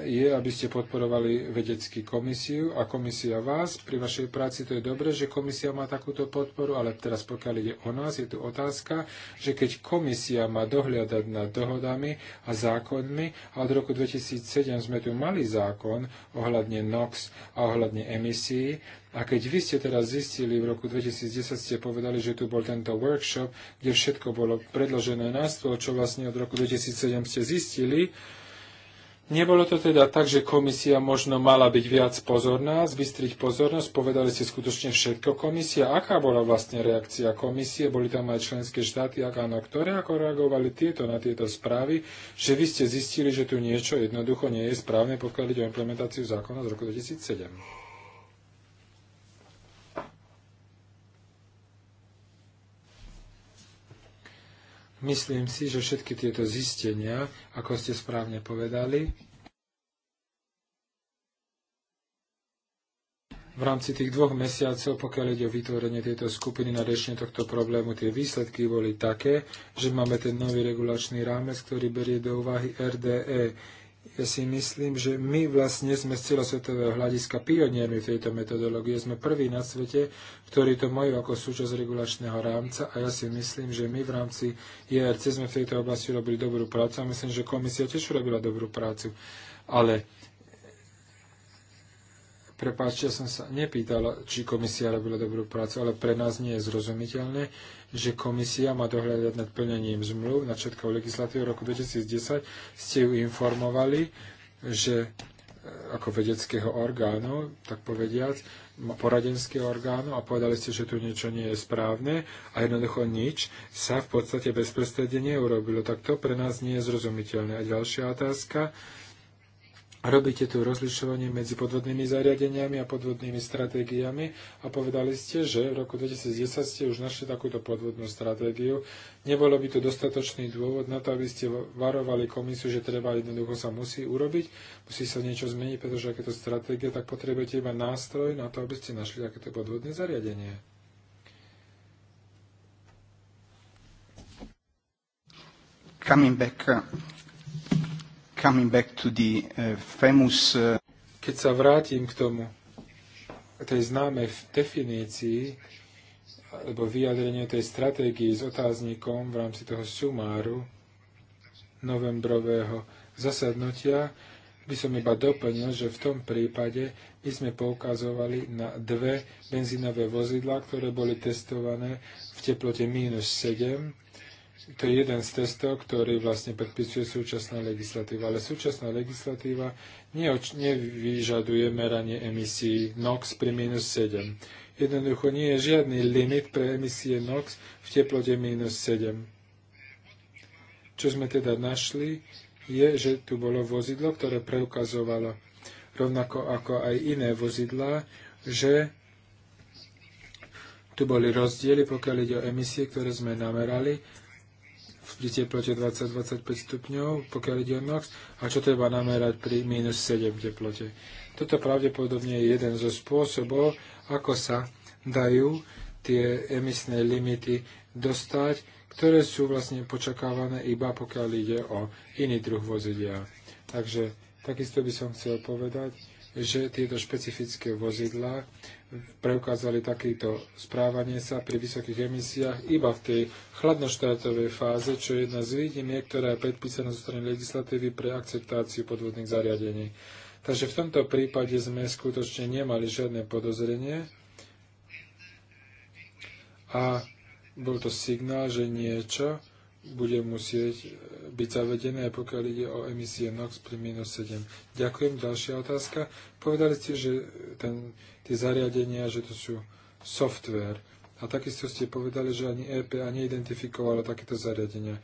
je, aby ste podporovali vedecký komisiu a komisia vás. Pri vašej práci to je dobre, že komisia má takúto podporu, ale teraz pokiaľ ide o nás, je tu otázka, že keď komisia má dohliadať nad dohodami a zákonmi, a od roku 2007 sme tu mali zákon ohľadne NOx a ohľadne emisí, a keď vy ste teraz zistili, v roku 2010 ste povedali, že tu bol tento workshop, kde všetko bolo predložené na stôl, čo vlastne od roku 2007 ste zistili, Nebolo to teda tak, že komisia možno mala byť viac pozorná, zbystriť pozornosť, povedali ste skutočne všetko komisia. Aká bola vlastne reakcia komisie? Boli tam aj členské štáty, ak áno, ktoré ako reagovali tieto na tieto správy, že vy ste zistili, že tu niečo jednoducho nie je správne, pokiaľ ide o implementáciu zákona z roku 2007. Myslím si, že všetky tieto zistenia, ako ste správne povedali, v rámci tých dvoch mesiacov, pokiaľ ide o vytvorenie tejto skupiny na riešenie tohto problému, tie výsledky boli také, že máme ten nový regulačný rámec, ktorý berie do úvahy RDE ja si myslím, že my vlastne sme z celosvetového hľadiska pioniermi tejto metodológie. Sme prví na svete, ktorí to majú ako súčasť regulačného rámca a ja si myslím, že my v rámci IRC sme v tejto oblasti robili dobrú prácu a myslím, že komisia tiež robila dobrú prácu. Ale Prepáčte, ja som sa nepýtal, či komisia robila dobrú prácu, ale pre nás nie je zrozumiteľné, že komisia má dohľadať nad plnením zmluv na všetkou legislatívu roku 2010. Ste ju informovali, že e, ako vedeckého orgánu, tak povediac, poradenského orgánu a povedali ste, že tu niečo nie je správne a jednoducho nič sa v podstate bezprostredne neurobilo. Tak to pre nás nie je zrozumiteľné. A ďalšia otázka a robíte tu rozlišovanie medzi podvodnými zariadeniami a podvodnými stratégiami a povedali ste, že v roku 2010 ste už našli takúto podvodnú stratégiu. Nebolo by to dostatočný dôvod na to, aby ste varovali komisiu, že treba jednoducho sa musí urobiť, musí sa niečo zmeniť, pretože to stratégie, tak potrebujete iba nástroj na to, aby ste našli takéto podvodné zariadenie. coming back uh, coming back to the uh, famous... Uh... Keď sa vrátim k tomu, k tej známej definícii, alebo vyjadrenie tej stratégii s otáznikom v rámci toho sumáru novembrového zasadnutia, by som iba doplnil, že v tom prípade my sme poukazovali na dve benzínové vozidlá, ktoré boli testované v teplote minus 7 to je jeden z testov, ktorý vlastne predpisuje súčasná legislatíva. Ale súčasná legislatíva neoč- nevyžaduje meranie emisí NOx pri minus 7. Jednoducho nie je žiadny limit pre emisie NOx v teplote minus 7. Čo sme teda našli, je, že tu bolo vozidlo, ktoré preukazovalo rovnako ako aj iné vozidlá, že tu boli rozdiely, pokiaľ ide o emisie, ktoré sme namerali pri teplote 20-25 stupňov, pokiaľ ide o NOx, a čo treba namerať pri minus 7 teplote. Toto pravdepodobne je jeden zo spôsobov, ako sa dajú tie emisné limity dostať, ktoré sú vlastne počakávané iba pokiaľ ide o iný druh vozidia. Takže takisto by som chcel povedať, že tieto špecifické vozidlá preukázali takéto správanie sa pri vysokých emisiách iba v tej chladnoštátovej fáze, čo je jedna z výnimiek, ktorá je predpísaná zo strany legislatívy pre akceptáciu podvodných zariadení. Takže v tomto prípade sme skutočne nemali žiadne podozrenie a bol to signál, že niečo bude musieť e, byť zavedené, pokiaľ ide o emisie NOx pri minus 7. Ďakujem. Ďalšia otázka. Povedali ste, že ten, tie zariadenia, že to sú software. A takisto ste povedali, že ani EPA neidentifikovalo takéto zariadenia.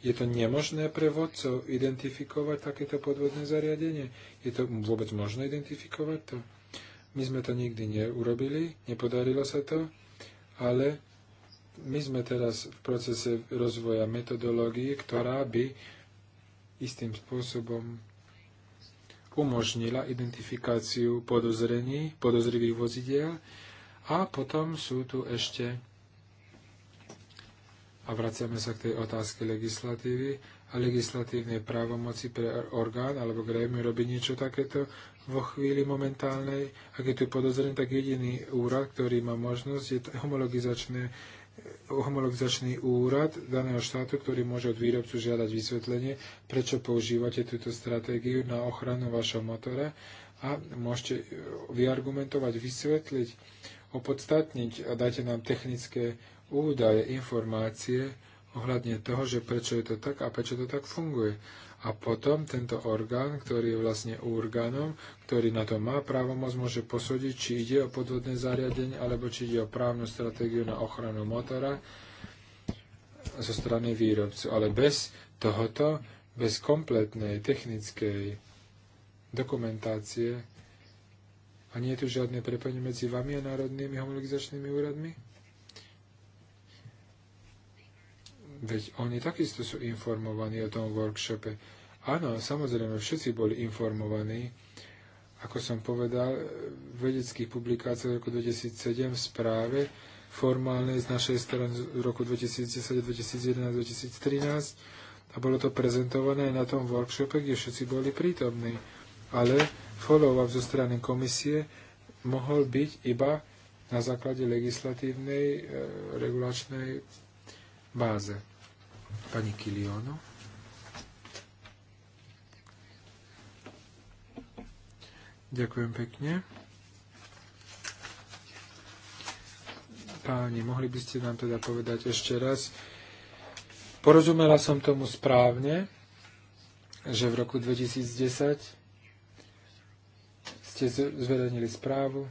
Je to nemožné pre vodcov identifikovať takéto podvodné zariadenie? Je to vôbec možné identifikovať to? My sme to nikdy neurobili, nepodarilo sa to, ale my sme teraz v procese rozvoja metodológie, ktorá by istým spôsobom umožnila identifikáciu podozrení, podozrivých vozidiel a potom sú tu ešte a vraciame sa k tej otázke legislatívy a legislatívnej právomoci pre orgán alebo grémiu robí niečo takéto vo chvíli momentálnej, ak je tu podozrenie, tak jediný úrad, ktorý má možnosť, je to homologizačné homologizačný úrad daného štátu, ktorý môže od výrobcu žiadať vysvetlenie, prečo používate túto stratégiu na ochranu vašho motora a môžete e, vyargumentovať, vysvetliť, opodstatniť a dáte nám technické údaje, informácie ohľadne toho, že prečo je to tak a prečo to tak funguje. A potom tento orgán, ktorý je vlastne orgánom, ktorý na to má právomoc, môže posúdiť, či ide o podvodné zariadenie, alebo či ide o právnu stratégiu na ochranu motora zo strany výrobcu. Ale bez tohoto, bez kompletnej technickej dokumentácie a nie je tu žiadne prepojenie medzi vami a národnými homologizačnými úradmi? Veď oni takisto sú informovaní o tom workshope. Áno, samozrejme, všetci boli informovaní. Ako som povedal, v vedeckých publikáciách roku 2007 v správe formálnej z našej strany z roku 2010, 2011, 2013 a bolo to prezentované na tom workshope, kde všetci boli prítomní. Ale follow-up zo strany komisie mohol byť iba na základe legislatívnej e, regulačnej báze. Pani Kiliono. Ďakujem pekne. Páni, mohli by ste nám teda povedať ešte raz, porozumela som tomu správne, že v roku 2010 ste zverejnili správu,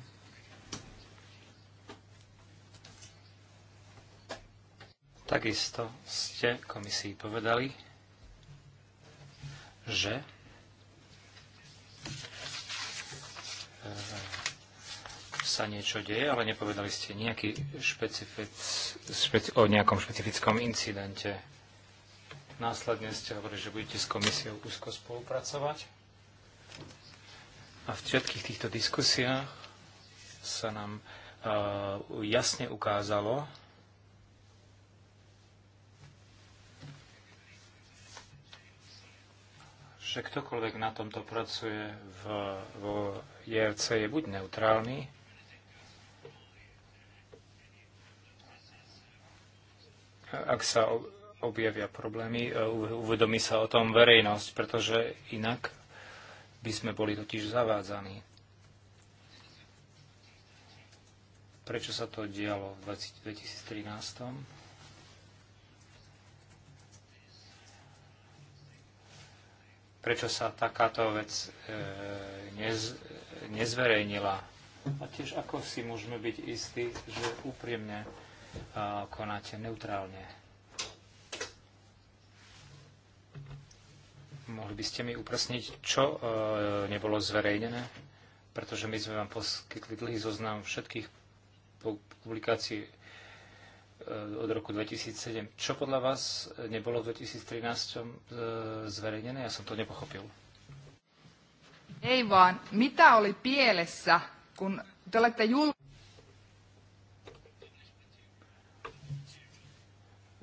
Takisto ste komisii povedali, že e, sa niečo deje, ale nepovedali ste nejaký špecific, o nejakom špecifickom incidente. Následne ste hovorili, že budete s komisiou úzko spolupracovať. A v všetkých týchto diskusiách sa nám uh, jasne ukázalo, že ktokoľvek na tomto pracuje v, vo JRC je buď neutrálny, ak sa objavia problémy, e, uvedomí sa o tom verejnosť, pretože inak by sme boli totiž zavádzaní. Prečo sa to dialo v 2013? prečo sa takáto vec e, nez, nezverejnila. A tiež ako si môžeme byť istí, že úprimne e, konáte neutrálne. Mohli by ste mi upresniť, čo e, nebolo zverejnené? Pretože my sme vám poskytli dlhý zoznam všetkých publikácií E, od roku 2007. Čo podľa vás nebolo v 2013 e, zverejnené? Ja som to nepochopil. Ei vaan, mitä oli pielessä, kun te olette jul...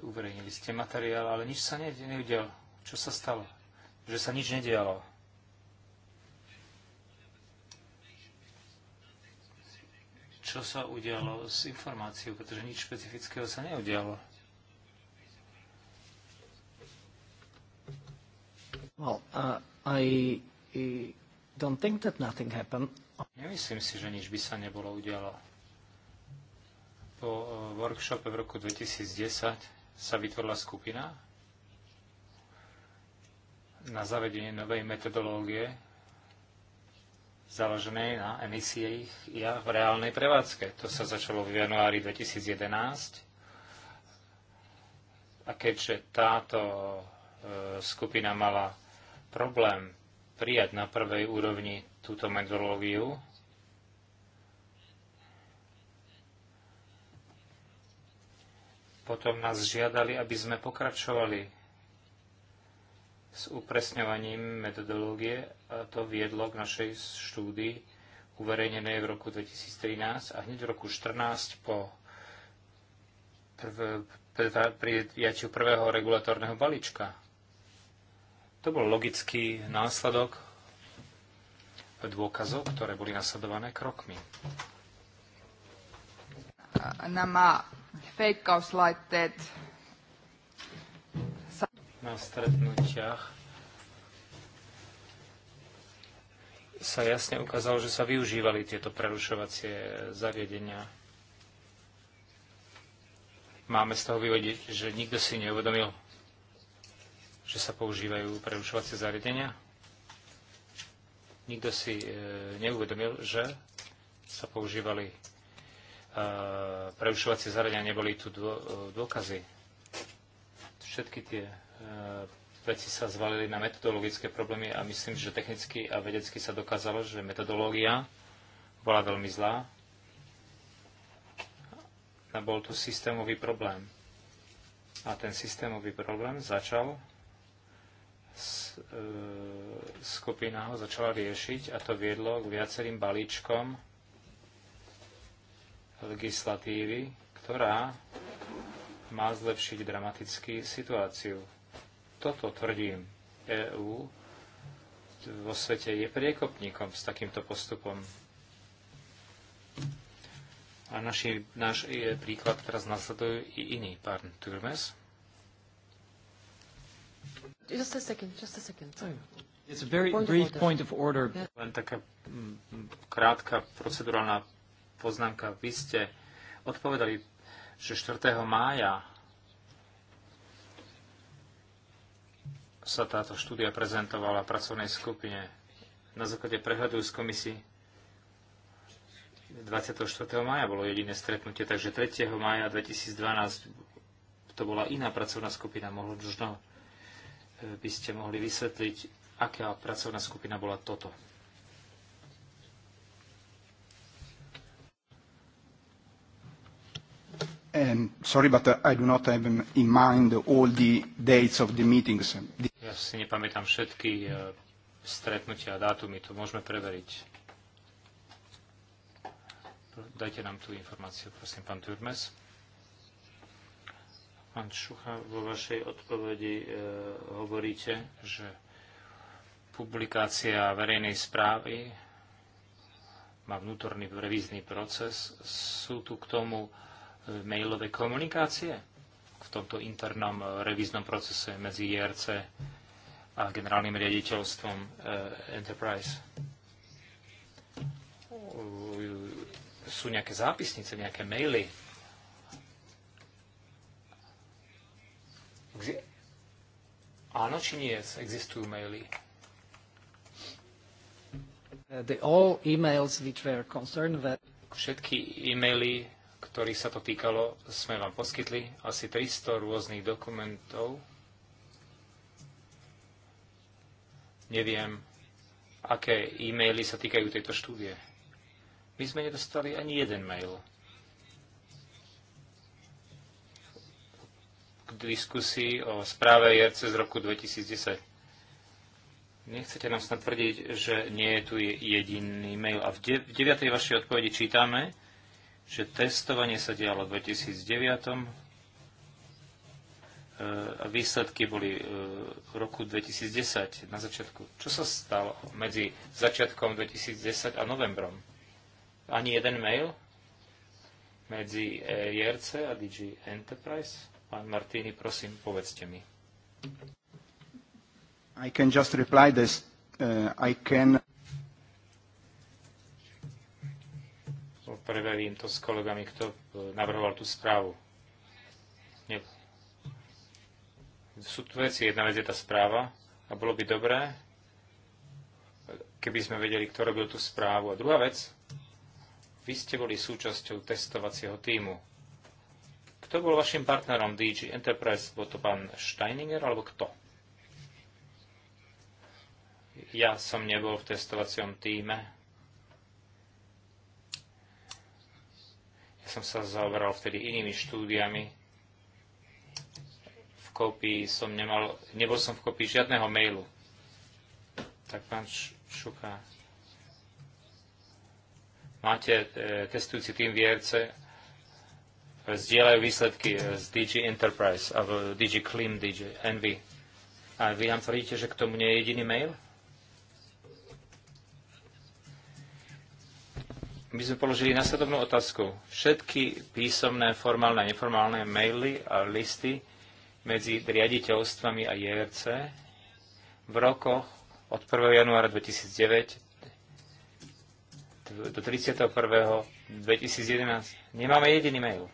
Uverejnili ste materiál, ale nič sa neudialo. Čo sa stalo? Že sa nič nedialo. čo sa udialo s informáciou, pretože nič špecifického sa neudialo. Well, uh, I, I don't think that nothing happened. Nemyslím si, že nič by sa nebolo udialo. Po uh, workshope v roku 2010 sa vytvorila skupina na zavedenie novej metodológie založené na emisiách ja v reálnej prevádzke. To sa začalo v januári 2011. A keďže táto e, skupina mala problém prijať na prvej úrovni túto metodológiu, potom nás žiadali, aby sme pokračovali s upresňovaním metodológie a to viedlo k našej štúdii uverejnenej v roku 2013 a hneď v roku 2014 po prijatiu prvého regulatórneho balíčka. To bol logický následok dôkazov, ktoré boli nasledované krokmi. Nämä feikkauslaitteet na stretnutiach sa jasne ukázalo, že sa využívali tieto prerušovacie zariadenia. Máme z toho vyvodiť, že nikto si neuvedomil, že sa používajú prerušovacie zariadenia. Nikto si e, neuvedomil, že sa používali e, prerušovacie zariadenia, neboli tu dô, e, dôkazy. Všetky tie e, veci sa zvalili na metodologické problémy a myslím, že technicky a vedecky sa dokázalo, že metodológia bola veľmi zlá a bol tu systémový problém. A ten systémový problém začal e, skupina ho začala riešiť a to viedlo k viacerým balíčkom legislatívy, ktorá má zlepšiť dramaticky situáciu. Toto tvrdím. EÚ vo svete je priekopníkom s takýmto postupom. A naši, náš je príklad teraz nasledujú i iný Pán Turmes. Just a second, just a second. Oh, It's a very point brief of point of order. Len taká mm, mm, krátka procedurálna poznámka. Vy ste odpovedali že 4. mája sa táto štúdia prezentovala v pracovnej skupine na základe prehľadu z komisí 24. maja bolo jediné stretnutie, takže 3. maja 2012 to bola iná pracovná skupina. Možno e, by ste mohli vysvetliť, aká pracovná skupina bola toto. And um, sorry, but uh, I do not have in mind all the dates of the meetings. Ja si nepamätám všetky uh, stretnutia a dátumy, to môžeme preveriť. Dajte nám tú informáciu, prosím, pán Turmes. Pán Šucha, vo vašej odpovedi e, hovoríte, že publikácia verejnej správy má vnútorný revízny proces. Sú tu k tomu e, mailové komunikácie v tomto internom eh, revíznom procese medzi IRC a generálnym riaditeľstvom eh, Enterprise? Eh, sú nejaké zápisnice, nejaké maily? Áno či nie? Existujú maily? Všetky e-maily, ktorých sa to týkalo, sme vám poskytli asi 300 rôznych dokumentov. Neviem, aké e-maily sa týkajú tejto štúdie. My sme nedostali ani jeden mail. K diskusii o správe JRC z roku 2010. Nechcete nám snad tvrdiť, že nie je tu jediný mail. A v deviatej vašej odpovedi čítame, že testovanie sa dialo v 2009 e, a výsledky boli e, v roku 2010 na začiatku. Čo sa stalo medzi začiatkom 2010 a novembrom? Ani jeden mail medzi ERC a DG Enterprise? Pán Martini, prosím, povedzte mi. I can just reply this. Uh, I can... preverím to s kolegami, kto e, navrhoval tú správu. Nie. Sú tu veci, jedna vec je tá správa a bolo by dobré, keby sme vedeli, kto robil tú správu. A druhá vec, vy ste boli súčasťou testovacieho týmu. Kto bol vašim partnerom DG Enterprise? Bol to pán Steininger alebo kto? Ja som nebol v testovacom týme som sa zaoberal vtedy inými štúdiami. V kopii som nemal, nebol som v kopii žiadneho mailu. Tak pán Šuka, máte e, testujúci tým vierce, e, zdieľajú výsledky e, z DG Enterprise a DG Clean, DG Envy. A vy nám tvrdíte, že k tomu nie je jediný mail? my sme položili následovnú otázku. Všetky písomné, formálne a neformálne maily a listy medzi riaditeľstvami a JRC v rokoch od 1. januára 2009 do 31. 2011 nemáme jediný mail.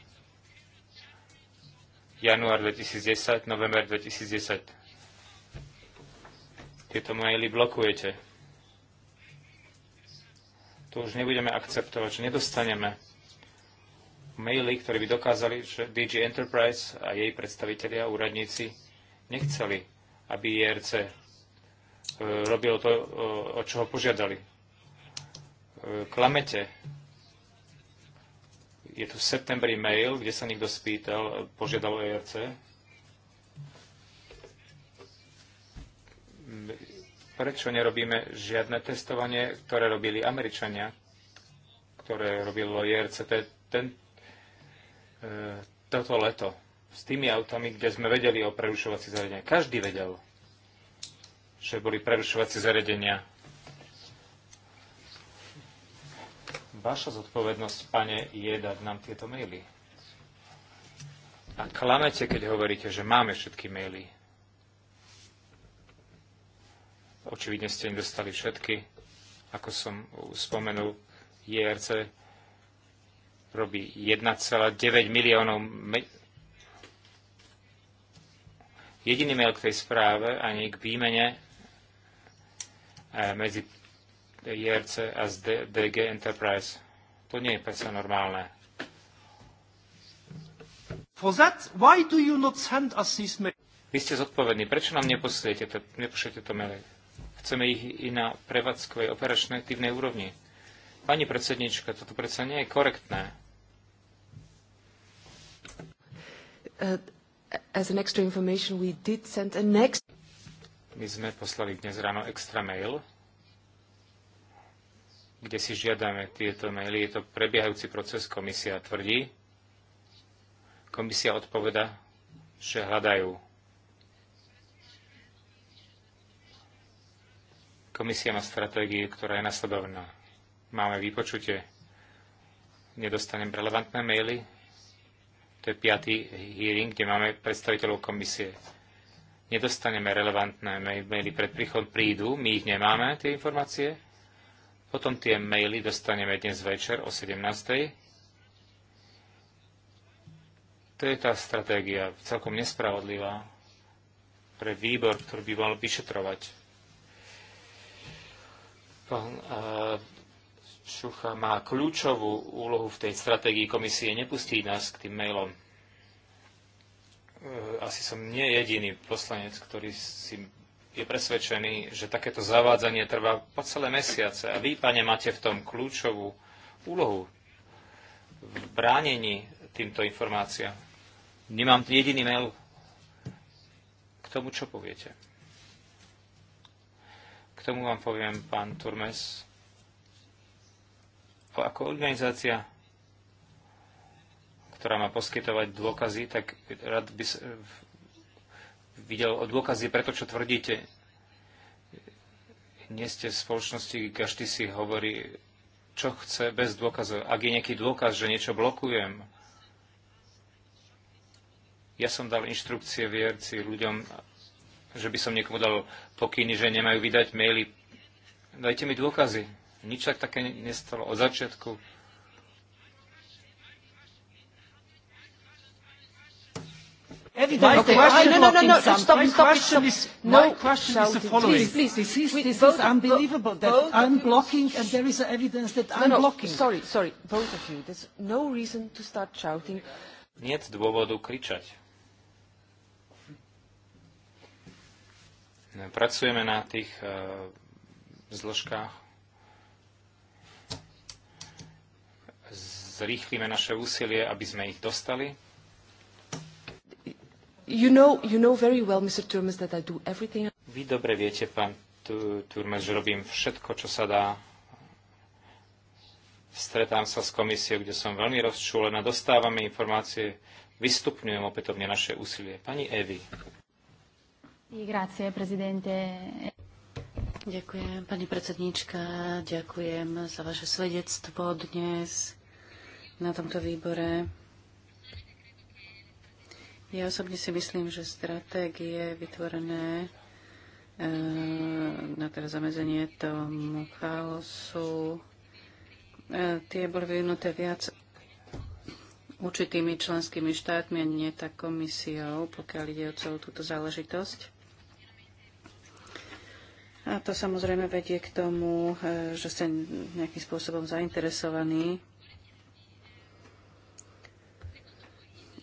Január 2010, november 2010. Tieto maily blokujete. To už nebudeme akceptovať, že nedostaneme maily, ktorí by dokázali, že DG Enterprise a jej predstavitelia, úradníci, nechceli, aby IRC e, robilo to, e, o čo ho požiadali. E, klamete. Je tu v septembri mail, kde sa nikto spýtal, požiadal o ERC. Prečo nerobíme žiadne testovanie, ktoré robili Američania, ktoré robilo JRCT ten, e, toto leto s tými autami, kde sme vedeli o prerušovací zariadenia. Každý vedel, že boli prerušovací zariadenia. Vaša zodpovednosť, pane, je dať nám tieto maily. A klamete, keď hovoríte, že máme všetky maily. Očividne ste dostali všetky. Ako som spomenul, JRC robí 1,9 miliónov me- jediný mail k tej správe ani k výmene e, medzi JRC a DG Enterprise. To nie je presne normálne. For that, why do you not send us these mail? Vy ste zodpovední. Prečo nám nepošlete to, to maily? Chceme ich i na prevádzkovej operačnej aktívnej úrovni. Pani predsednička, toto predsa nie je korektné. Uh, My sme poslali dnes ráno extra mail, kde si žiadame tieto maily. Je to prebiehajúci proces, komisia tvrdí. Komisia odpoveda, že hľadajú Komisia má stratégiu, ktorá je nasledovná. Máme vypočutie, nedostanem relevantné maily, to je piatý hearing, kde máme predstaviteľov komisie. Nedostaneme relevantné maily pred príchod, prídu, my ich nemáme, tie informácie. Potom tie maily dostaneme dnes večer o 17. To je tá stratégia, celkom nespravodlivá pre výbor, ktorý by mal vyšetrovať Pán eh, Šucha má kľúčovú úlohu v tej stratégii komisie nepustí nás k tým mailom. Eh, asi som nie jediný poslanec, ktorý si je presvedčený, že takéto zavádzanie trvá po celé mesiace. A vy, pane, máte v tom kľúčovú úlohu v bránení týmto informáciám. Nemám jediný mail k tomu, čo poviete. K tomu vám poviem, pán Turmes, ako organizácia, ktorá má poskytovať dôkazy, tak rád by videl dôkazy preto, čo tvrdíte. Nie ste v spoločnosti, každý si hovorí, čo chce bez dôkazov. Ak je nejaký dôkaz, že niečo blokujem, ja som dal inštrukcie vierci ľuďom, že by som niekomu dal pokyny, že nemajú vydať maily. Dajte mi dôkazy. Nič tak také nestalo od začiatku. My question, no, no, no, no, stop, stop, question, stop. Is, no, my question is the following. Please, please, this is, this both, is unbelievable that and there is evidence that no, No, sorry, sorry, both of you. There's no reason to start shouting. Niet dôvodu kričať. Pracujeme na tých eh, zložkách. Zrýchlime naše úsilie, aby sme ich dostali. You know, you know very well, Mr. Turmes, that I do everything. Vy dobre viete, pán Turmes, že robím všetko, čo sa dá. Stretám sa s komisiou, kde som veľmi rozčúlená. Dostávame informácie, vystupňujem opätovne naše úsilie. Pani Evi. Grazie, prezidente. Ďakujem, pani predsedníčka. Ďakujem za vaše svedectvo dnes na tomto výbore. Ja osobne si myslím, že stratégie vytvorené eh, na teda zamezenie tomu chaosu, eh, tie boli vyvinuté viac určitými členskými štátmi a nie tak komisiou, pokiaľ ide o celú túto záležitosť. A to samozrejme vedie k tomu, e, že ste nejakým spôsobom zainteresovaní.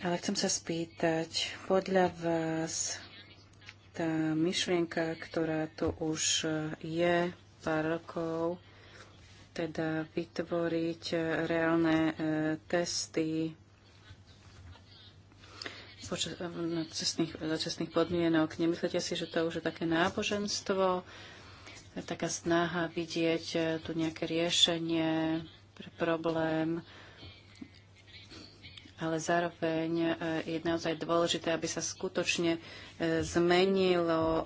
Ale chcem sa spýtať, podľa vás tá myšlienka, ktorá tu už e, je pár rokov, teda vytvoriť e, reálne testy počas, cestných, za cestných podmienok. Nemyslíte si, že to už je také náboženstvo? taká snaha vidieť e, tu nejaké riešenie pre problém, ale zároveň e, je naozaj dôležité, aby sa skutočne e, zmenilo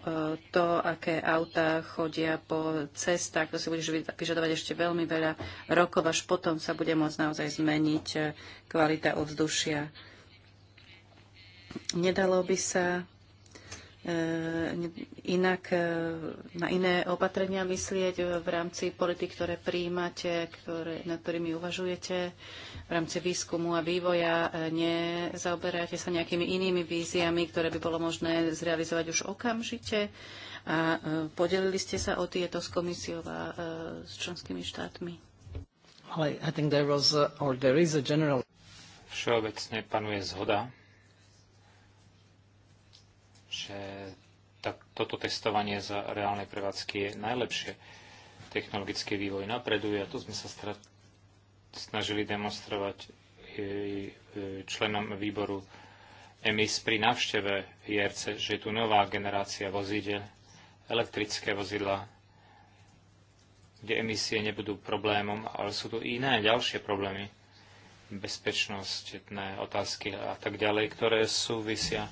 to, aké autá chodia po cestách. To si budeš vyžadovať ešte veľmi veľa rokov, až potom sa bude môcť naozaj zmeniť kvalita ovzdušia. Nedalo by sa E, inak e, na iné opatrenia myslieť v rámci politik, ktoré príjmate, ktoré, nad ktorými uvažujete v rámci výskumu a vývoja. E, nezaoberáte sa nejakými inými víziami, ktoré by bolo možné zrealizovať už okamžite a podelili ste sa o tieto s komisiou a s členskými štátmi. Uh, Všeobecne panuje zhoda že tak, toto testovanie za reálnej prevádzky je najlepšie. Technologický vývoj napreduje a to sme sa snažili demonstrovať e, e, členom výboru EMIS pri návšteve IRC, že je tu nová generácia vozidel, elektrické vozidla, kde emisie nebudú problémom, ale sú tu iné ďalšie problémy, bezpečnosť, otázky a tak ďalej, ktoré súvisia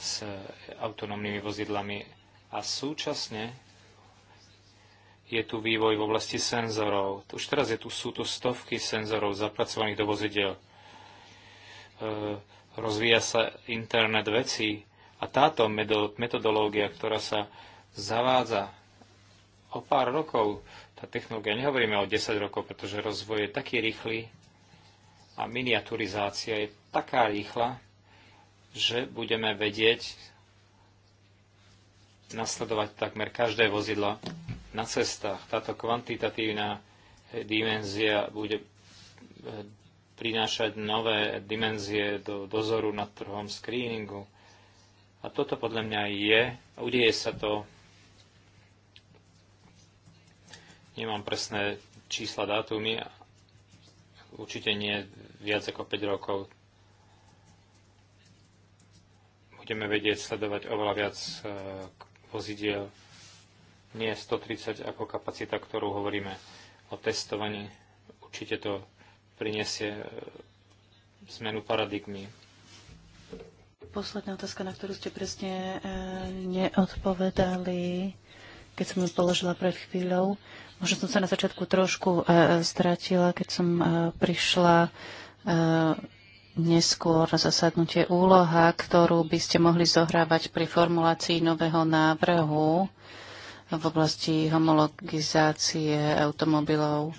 s autonómnymi vozidlami a súčasne je tu vývoj v oblasti senzorov. Už teraz je tu, sú tu stovky senzorov zapracovaných do vozidel. E, rozvíja sa internet vecí a táto metodológia, ktorá sa zavádza o pár rokov, tá technológia, nehovoríme o 10 rokov, pretože rozvoj je taký rýchly a miniaturizácia je taká rýchla, že budeme vedieť nasledovať takmer každé vozidlo na cestách. Táto kvantitatívna eh, dimenzia bude eh, prinášať nové dimenzie do dozoru nad trhom screeningu. A toto podľa mňa je, udeje sa to, nemám presné čísla, dátumy, určite nie viac ako 5 rokov budeme vedieť sledovať oveľa viac e, vozidiel, nie 130 ako kapacita, ktorú hovoríme o testovaní. Určite to prinesie e, zmenu paradigmy. Posledná otázka, na ktorú ste presne e, neodpovedali, keď som ju položila pred chvíľou. Možno som sa na začiatku trošku stratila, keď som prišla neskôr zasadnutie úloha, ktorú by ste mohli zohrávať pri formulácii nového návrhu v oblasti homologizácie automobilov,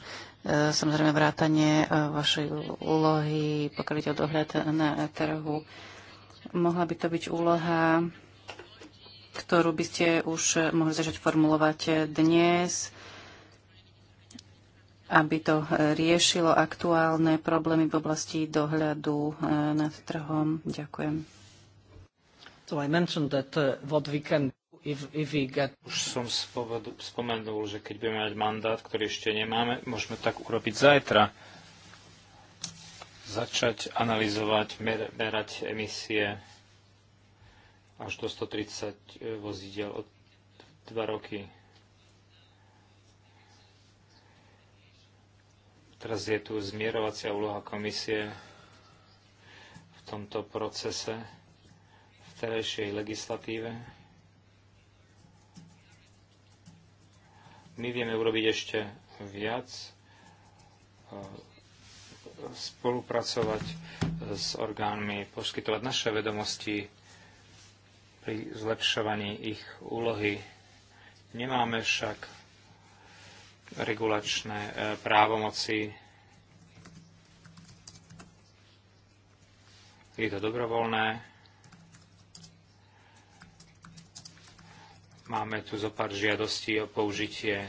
e, samozrejme vrátanie e, vašej úlohy, pokiaľ ide o dohľad na trhu. Mohla by to byť úloha, ktorú by ste už mohli začať formulovať dnes, aby to e, riešilo aktuálne problémy v oblasti dohľadu e, nad trhom. Ďakujem. So I mentioned that uh, what we can If, if get... Už som spomenul, že keď budeme mať mandát, ktorý ešte nemáme, môžeme tak urobiť zajtra. Začať analyzovať, mer- merať emisie až do 130 e, vozidel od dva roky. Teraz je tu zmierovacia úloha komisie v tomto procese, v terejšej legislatíve. My vieme urobiť ešte viac, e, spolupracovať e, s orgánmi, poskytovať naše vedomosti pri zlepšovaní ich úlohy. Nemáme však regulačné e, právomoci. Je to dobrovoľné. Máme tu zo pár žiadostí o použitie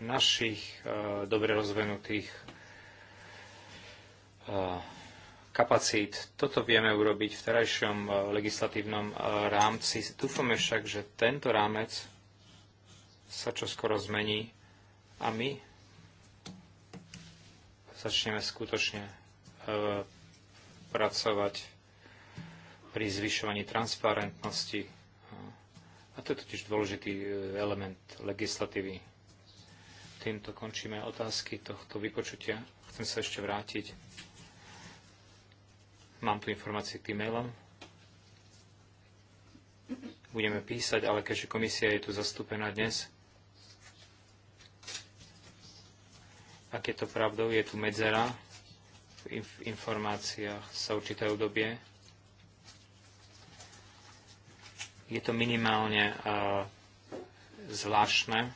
našich e, dobre rozvenutých e, kapacít. Toto vieme urobiť v terajšom e, legislatívnom e, rámci. Dúfame však, že tento rámec sa čo skoro zmení a my začneme skutočne e, pracovať pri zvyšovaní transparentnosti. A to je totiž dôležitý e, element legislatívy. Týmto končíme otázky tohto vypočutia. Chcem sa ešte vrátiť. Mám tu informácie k tým mailom. Budeme písať, ale keďže komisia je tu zastúpená dnes, Ak je to pravdou, je tu medzera v informáciách sa určité obdobie. Je to minimálne zvláštne.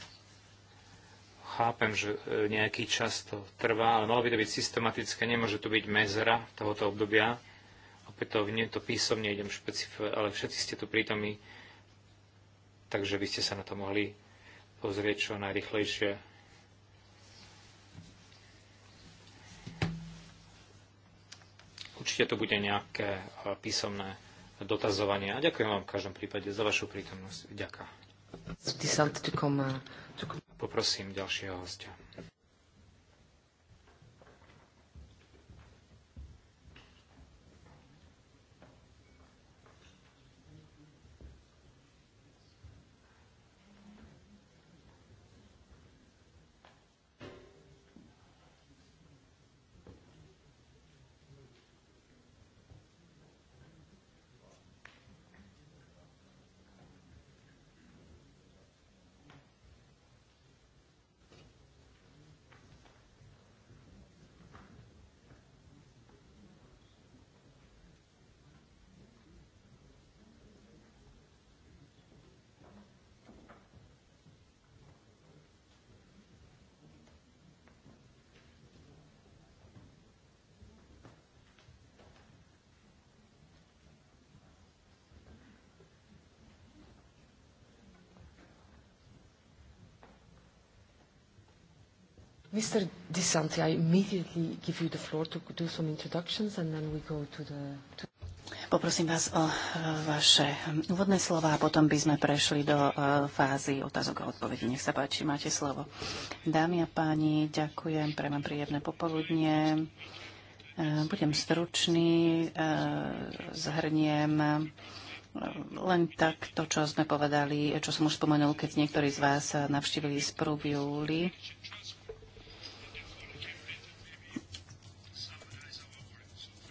Chápem, že e, nejaký čas to trvá, ale malo by to byť systematické, nemôže tu byť mezera tohoto obdobia. Opätovne to písomne idem špecifikovať, ale všetci ste tu prítomní, takže by ste sa na to mohli pozrieť čo najrychlejšie Určite to bude nejaké e, písomné dotazovanie. A ďakujem vám v každom prípade za vašu prítomnosť. Ďakujem. Poprosím ďalšieho hostia. Mr. DeSanti, I immediately give you the floor to do some introductions and then we go to the... To Poprosím vás o eh, vaše hm, úvodné slova a potom by sme prešli do eh, fázy otázok a odpovedí. Nech sa páči, máte slovo. Dámy a páni, ďakujem, prejem príjemné popoludnie. Eh, budem stručný, zhrniem len tak to, čo sme povedali, čo som už spomenul, keď niektorí z vás navštívili z v júli.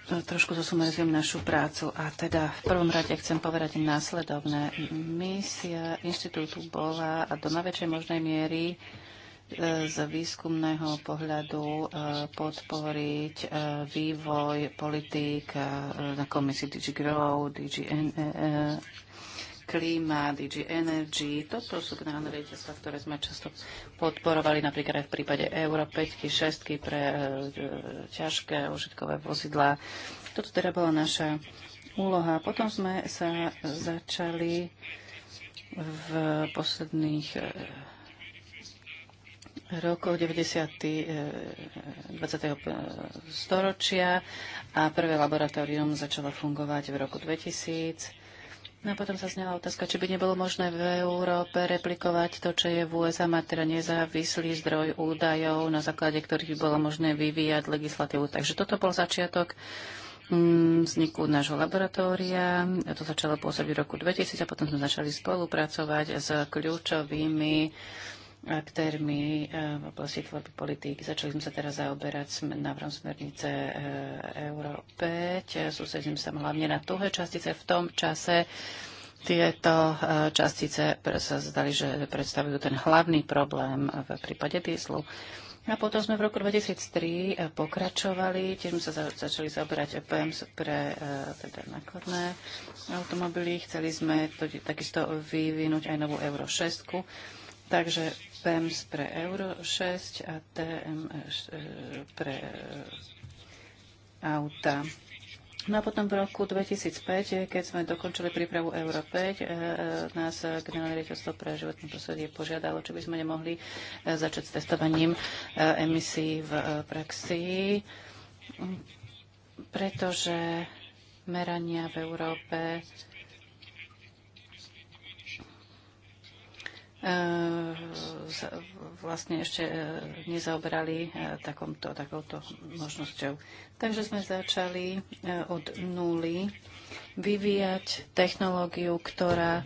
trošku zosumerizujem našu prácu a teda v prvom rade chcem povedať následovné. Misia inštitútu bola a do najväčšej možnej miery e, z výskumného pohľadu e, podporiť e, vývoj politík na komisii Digigrow. Grow, klíma, DG Energy. Toto sú generálne riaditeľstva, ktoré sme často podporovali, napríklad aj v prípade Euro 5, 6 pre e, e, ťažké užitkové vozidlá. Toto teda bola naša úloha. Potom sme sa začali v posledných e, rokov 90. 20. storočia a prvé laboratórium začalo fungovať v roku 2000. No a potom sa znela otázka, či by nebolo možné v Európe replikovať to, čo je v USA, mať teda nezávislý zdroj údajov, na základe ktorých by bolo možné vyvíjať legislatívu. Takže toto bol začiatok mm, vzniku nášho laboratória. To začalo pôsobiť v roku 2000 a potom sme začali spolupracovať s kľúčovými aktérmi eh, v oblasti tvorby politiky Začali sme sa teraz zaoberať návrhom smernice eh, Euro 5. Sústredím sa hlavne na tuhé častice. V tom čase tieto eh, častice sa zdali, že predstavujú ten hlavný problém v prípade dieslu. A potom sme v roku 2003 pokračovali, tiež sme sa za, začali zaoberať PMS pre e, teda nákladné automobily. Chceli sme to, takisto vyvinúť aj novú Euro 6. Takže PEMS pre Euro 6 a TM e, pre auta. No a potom v roku 2005, keď sme dokončili prípravu Euro 5, e, nás generálne riaditeľstvo pre životné prostredie požiadalo, či by sme nemohli e, začať s testovaním emisí v praxi, pretože merania v Európe E, vlastne ešte e, nezaoberali e, takomto, takouto možnosťou. Takže sme začali od nuly vyvíjať technológiu, ktorá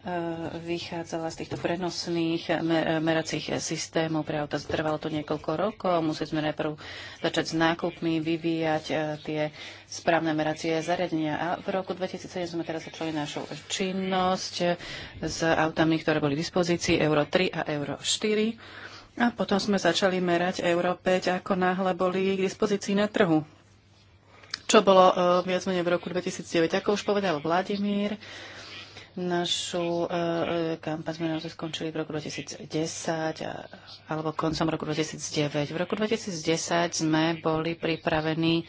E, vychádzala z týchto prenosných e, e, meracích systémov pre auta. Trvalo to niekoľko rokov. Museli sme najprv začať s nákupmi, vyvíjať tie správne meracie zariadenia. A v roku 2007 sme teraz začali našu činnosť s autami, ktoré boli v dispozícii Euro 3 a Euro 4. A potom sme začali merať Euro 5, ako náhle boli k dispozícii na trhu čo bolo viac menej v roku 2009. Ako už povedal Vladimír, Našu eh, eh, kampaň sme naozaj skončili v roku 2010 alebo koncom roku 2009. V roku 2010 sme boli pripravení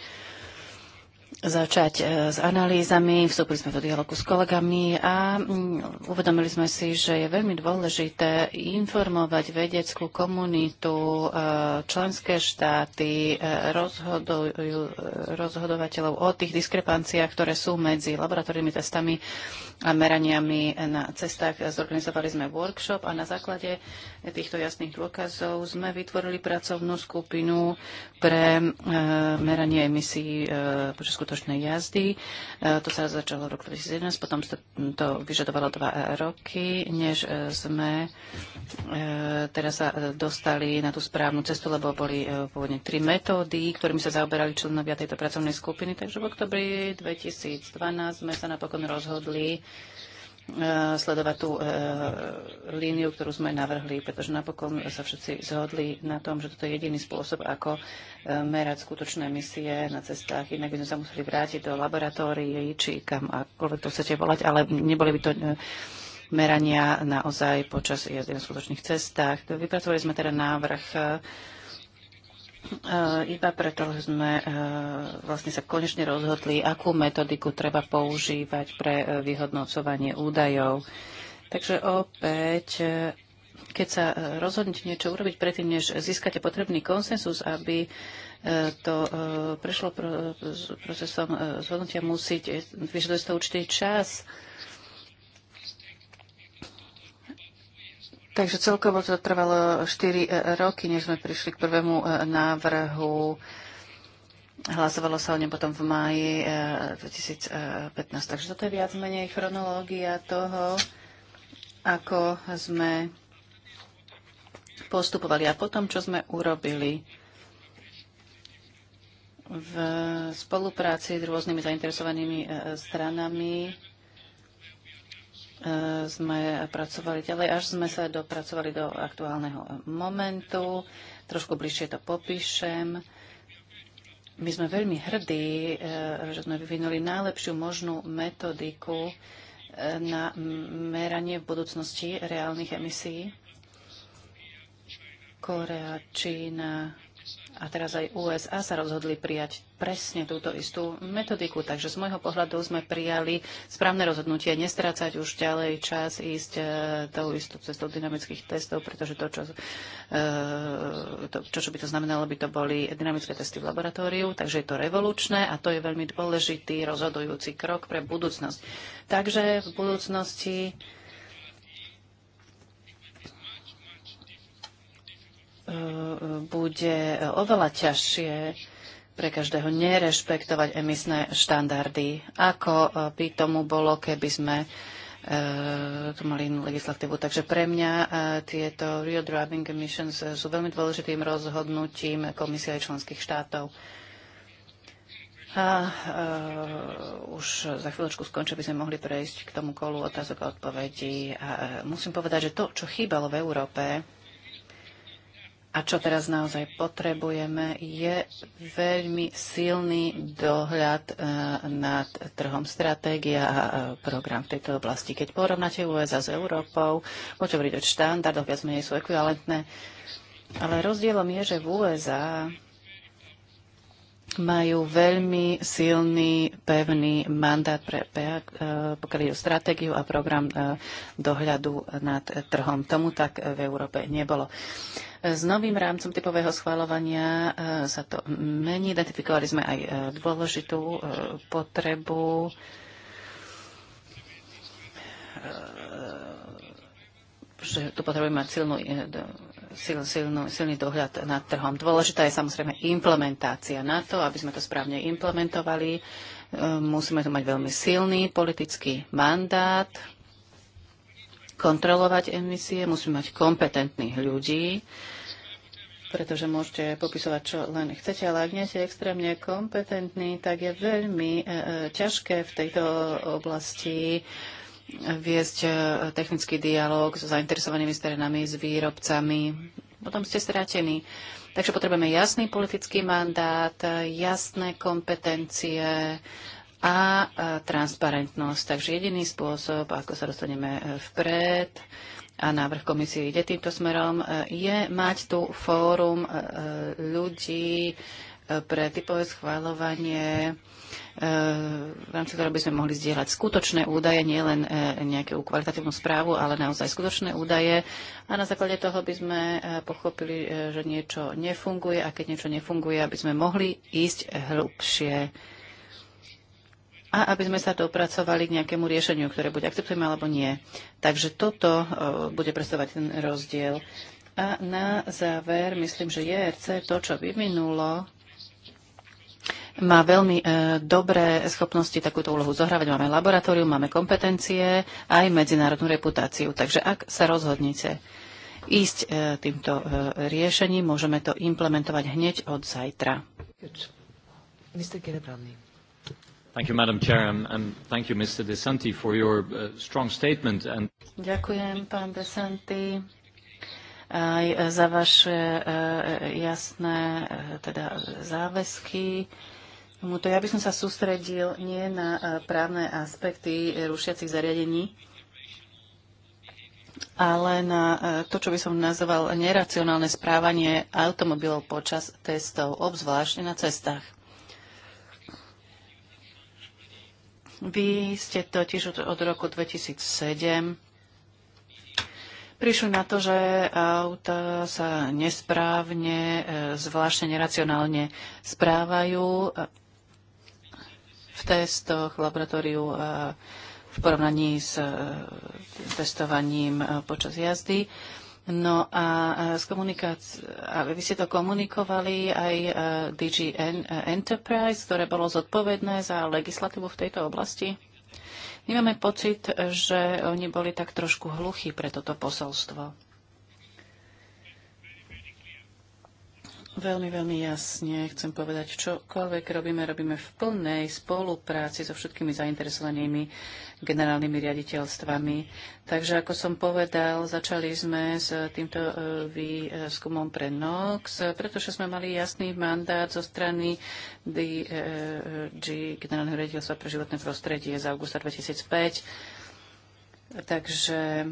začať eh, s analýzami, vstúpili sme do dialogu s kolegami a mm, uvedomili sme si, že je veľmi dôležité informovať vedeckú komunitu, členské štáty, rozhodovateľov o tých diskrepanciách, ktoré sú medzi laboratórnymi testami a meraniami na cestách. Zorganizovali sme workshop a na základe týchto jasných dôkazov sme vytvorili pracovnú skupinu pre e, meranie emisí e, skutočnej jazdy. E, to sa začalo v roku 2011, potom to vyžadovalo dva roky, než e, sme e, teraz sa dostali na tú správnu cestu, lebo boli e, pôvodne tri metódy, ktorými sa zaoberali členovia tejto pracovnej skupiny. Takže v oktobri 2012 sme sa napokon rozhodli, E, sledovať tú e, líniu, ktorú sme navrhli, pretože napokon sa všetci zhodli na tom, že toto je jediný spôsob, ako e, merať skutočné misie na cestách. Inak by sme sa museli vrátiť do laboratórií, či kam akoľvek to chcete volať, ale neboli by to e, merania naozaj počas jazdy na skutočných cestách. Vypracovali sme teda návrh e, E, iba preto, že sme e, vlastne sa konečne rozhodli, akú metodiku treba používať pre e, vyhodnocovanie údajov. Takže opäť, keď sa rozhodnete niečo urobiť predtým, než získate potrebný konsensus, aby to prešlo procesom zhodnutia, musieť vyžadovať to určitý čas. Takže celkovo to trvalo 4 e, roky, než sme prišli k prvému e, návrhu. Hlasovalo sa o ňom potom v máji 2015. E, Takže toto je viac menej chronológia toho, ako sme postupovali a potom, čo sme urobili v spolupráci s rôznymi zainteresovanými stranami E, sme pracovali ďalej, až sme sa dopracovali do aktuálneho momentu. Trošku bližšie to popíšem. My sme veľmi hrdí, e, že sme vyvinuli najlepšiu možnú metodiku e, na meranie v budúcnosti reálnych emisí. Korea, Čína, a teraz aj USA sa rozhodli prijať presne túto istú metodiku. Takže z môjho pohľadu sme prijali správne rozhodnutie nestrácať už ďalej čas, ísť e, tou istou cestou dynamických testov, pretože to čo, e, to, čo, čo by to znamenalo, by to boli dynamické testy v laboratóriu. Takže je to revolučné a to je veľmi dôležitý rozhodujúci krok pre budúcnosť. Takže v budúcnosti bude oveľa ťažšie pre každého nerešpektovať emisné štandardy, ako by tomu bolo, keby sme e, tu mali inú legislatívu. Takže pre mňa e, tieto Real Driving Emissions sú veľmi dôležitým rozhodnutím Komisie aj členských štátov. A uh, už za chvíľočku skončí, by sme mohli prejsť k tomu kolu otázok a odpovedí. A musím povedať, že to, čo chýbalo v Európe, a čo teraz naozaj potrebujeme, je veľmi silný dohľad e, nad trhom stratégia a e, program v tejto oblasti. Keď porovnáte USA s Európou, môžete hovoriť o štandardoch, viac menej sú ekvivalentné, ale rozdielom je, že v USA majú veľmi silný, pevný mandát pre PH, e, pokiaľ stratégiu a program dohľadu nad trhom. Tomu tak v Európe nebolo. S novým rámcom typového schváľovania e, sa to mení. Identifikovali sme aj e, dôležitú e, potrebu že tu potrebujeme mať silnú, sil, silnú, silný dohľad nad trhom. Dôležitá je samozrejme implementácia na to, aby sme to správne implementovali. Musíme tu mať veľmi silný politický mandát, kontrolovať emisie, musíme mať kompetentných ľudí, pretože môžete popisovať, čo len chcete, ale ak nie ste extrémne kompetentní, tak je veľmi e, e ťažké v tejto oblasti viesť e, technický dialog so zainteresovanými stranami, s výrobcami. Potom ste stratení. Takže potrebujeme jasný politický mandát, jasné kompetencie, a transparentnosť. Takže jediný spôsob, ako sa dostaneme e, vpred, a návrh komisie ide týmto smerom, e, je mať tu fórum e, ľudí pre typové schváľovanie, v rámci ktorého by sme mohli zdieľať skutočné údaje, nielen nejakú kvalitatívnu správu, ale naozaj skutočné údaje. A na základe toho by sme pochopili, že niečo nefunguje a keď niečo nefunguje, aby sme mohli ísť hĺbšie a aby sme sa dopracovali k nejakému riešeniu, ktoré buď akceptujeme alebo nie. Takže toto e, bude predstavovať ten rozdiel. A na záver, myslím, že JRC to, čo vyvinulo, má veľmi e, dobré schopnosti takúto úlohu zohrávať. Máme laboratórium, máme kompetencie, aj medzinárodnú reputáciu. Takže ak sa rozhodnete ísť e, týmto e, riešením, môžeme to implementovať hneď od zajtra. Mr. Thank you, Madam Chair, and, thank you, Mr. for your uh, strong statement. Ďakujem, pán DeSanti, aj za vaše uh, jasné uh, teda záväzky. ja by som sa sústredil nie na právne aspekty rušiacich zariadení, ale na to, čo by som nazval neracionálne správanie automobilov počas testov, obzvlášť na cestách. Vy ste totiž od, od roku 2007 prišli na to, že auta sa nesprávne, e, zvláštne neracionálne správajú e, v testoch, laboratóriu e, v porovnaní s testovaním počas jazdy. No a z ale vy ste to komunikovali aj e, DG e, Enterprise, ktoré bolo zodpovedné za legislatívu v tejto oblasti? My máme pocit, že oni boli tak trošku hluchí pre toto posolstvo. Veľmi, veľmi jasne chcem povedať, čokoľvek robíme, robíme v plnej spolupráci so všetkými zainteresovanými generálnymi riaditeľstvami. Takže, ako som povedal, začali sme s týmto e, výskumom pre NOX, pretože sme mali jasný mandát zo strany DG, e e generálneho riaditeľstva pre životné prostredie z augusta 2005. Takže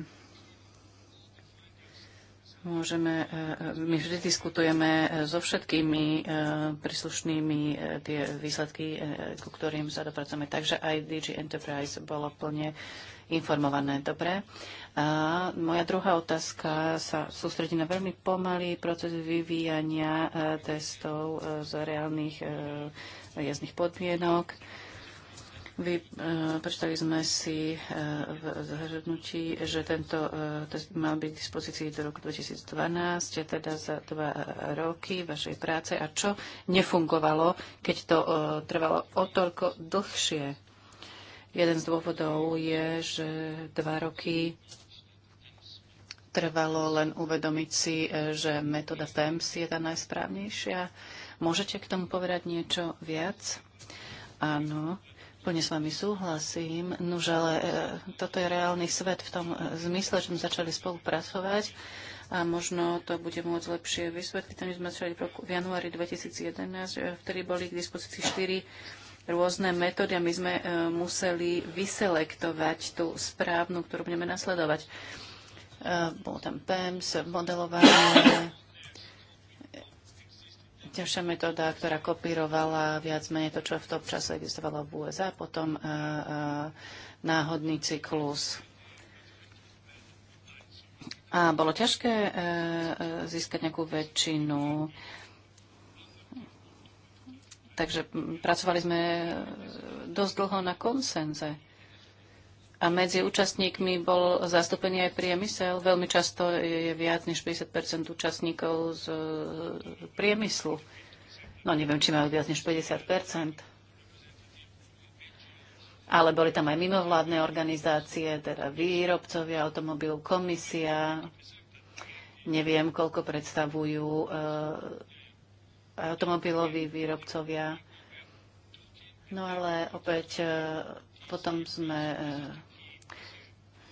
Môžeme, e, e, my vždy diskutujeme e, so všetkými príslušnými tie výsledky, ku ktorým sa dopracujeme. Takže aj DG Enterprise bolo plne informované. Dobre. A moja druhá otázka sa sústredí na veľmi pomalý proces vyvíjania testov z reálnych jazdných podmienok vy, e, prečítali sme si e, v zhrnutí, že tento e, test mal byť k dispozícii do roku 2012, teda za dva roky vašej práce. A čo nefungovalo, keď to trvalo o toľko dlhšie? Jeden z dôvodov je, že dva roky trvalo len uvedomiť si, že metóda PEMS je tá najsprávnejšia. Môžete k tomu povedať niečo viac? Áno. Úplne s vami súhlasím. Nuž, ale e, toto je reálny svet v tom e, zmysle, že sme začali spolupracovať a možno to bude môcť lepšie vysvetliť. My sme začali v, roku, v januári 2011, e, vtedy boli k dispozícii štyri rôzne metódy a my sme e, museli vyselektovať tú správnu, ktorú budeme nasledovať. E, bolo tam PEMS, modelovanie, ďalšia metóda, ktorá kopírovala viac menej to, čo v tom čase existovalo v USA, potom uh, uh, náhodný cyklus. A bolo ťažké uh, získať nejakú väčšinu. Takže hm, pracovali sme dosť dlho na konsenze. A medzi účastníkmi bol zastúpený aj priemysel. Veľmi často je viac než 50 účastníkov z priemyslu. No neviem, či majú viac než 50 ale boli tam aj mimovládne organizácie, teda výrobcovia automobil, komisia. Neviem, koľko predstavujú e, automobiloví výrobcovia. No ale opäť eh, potom sme eh,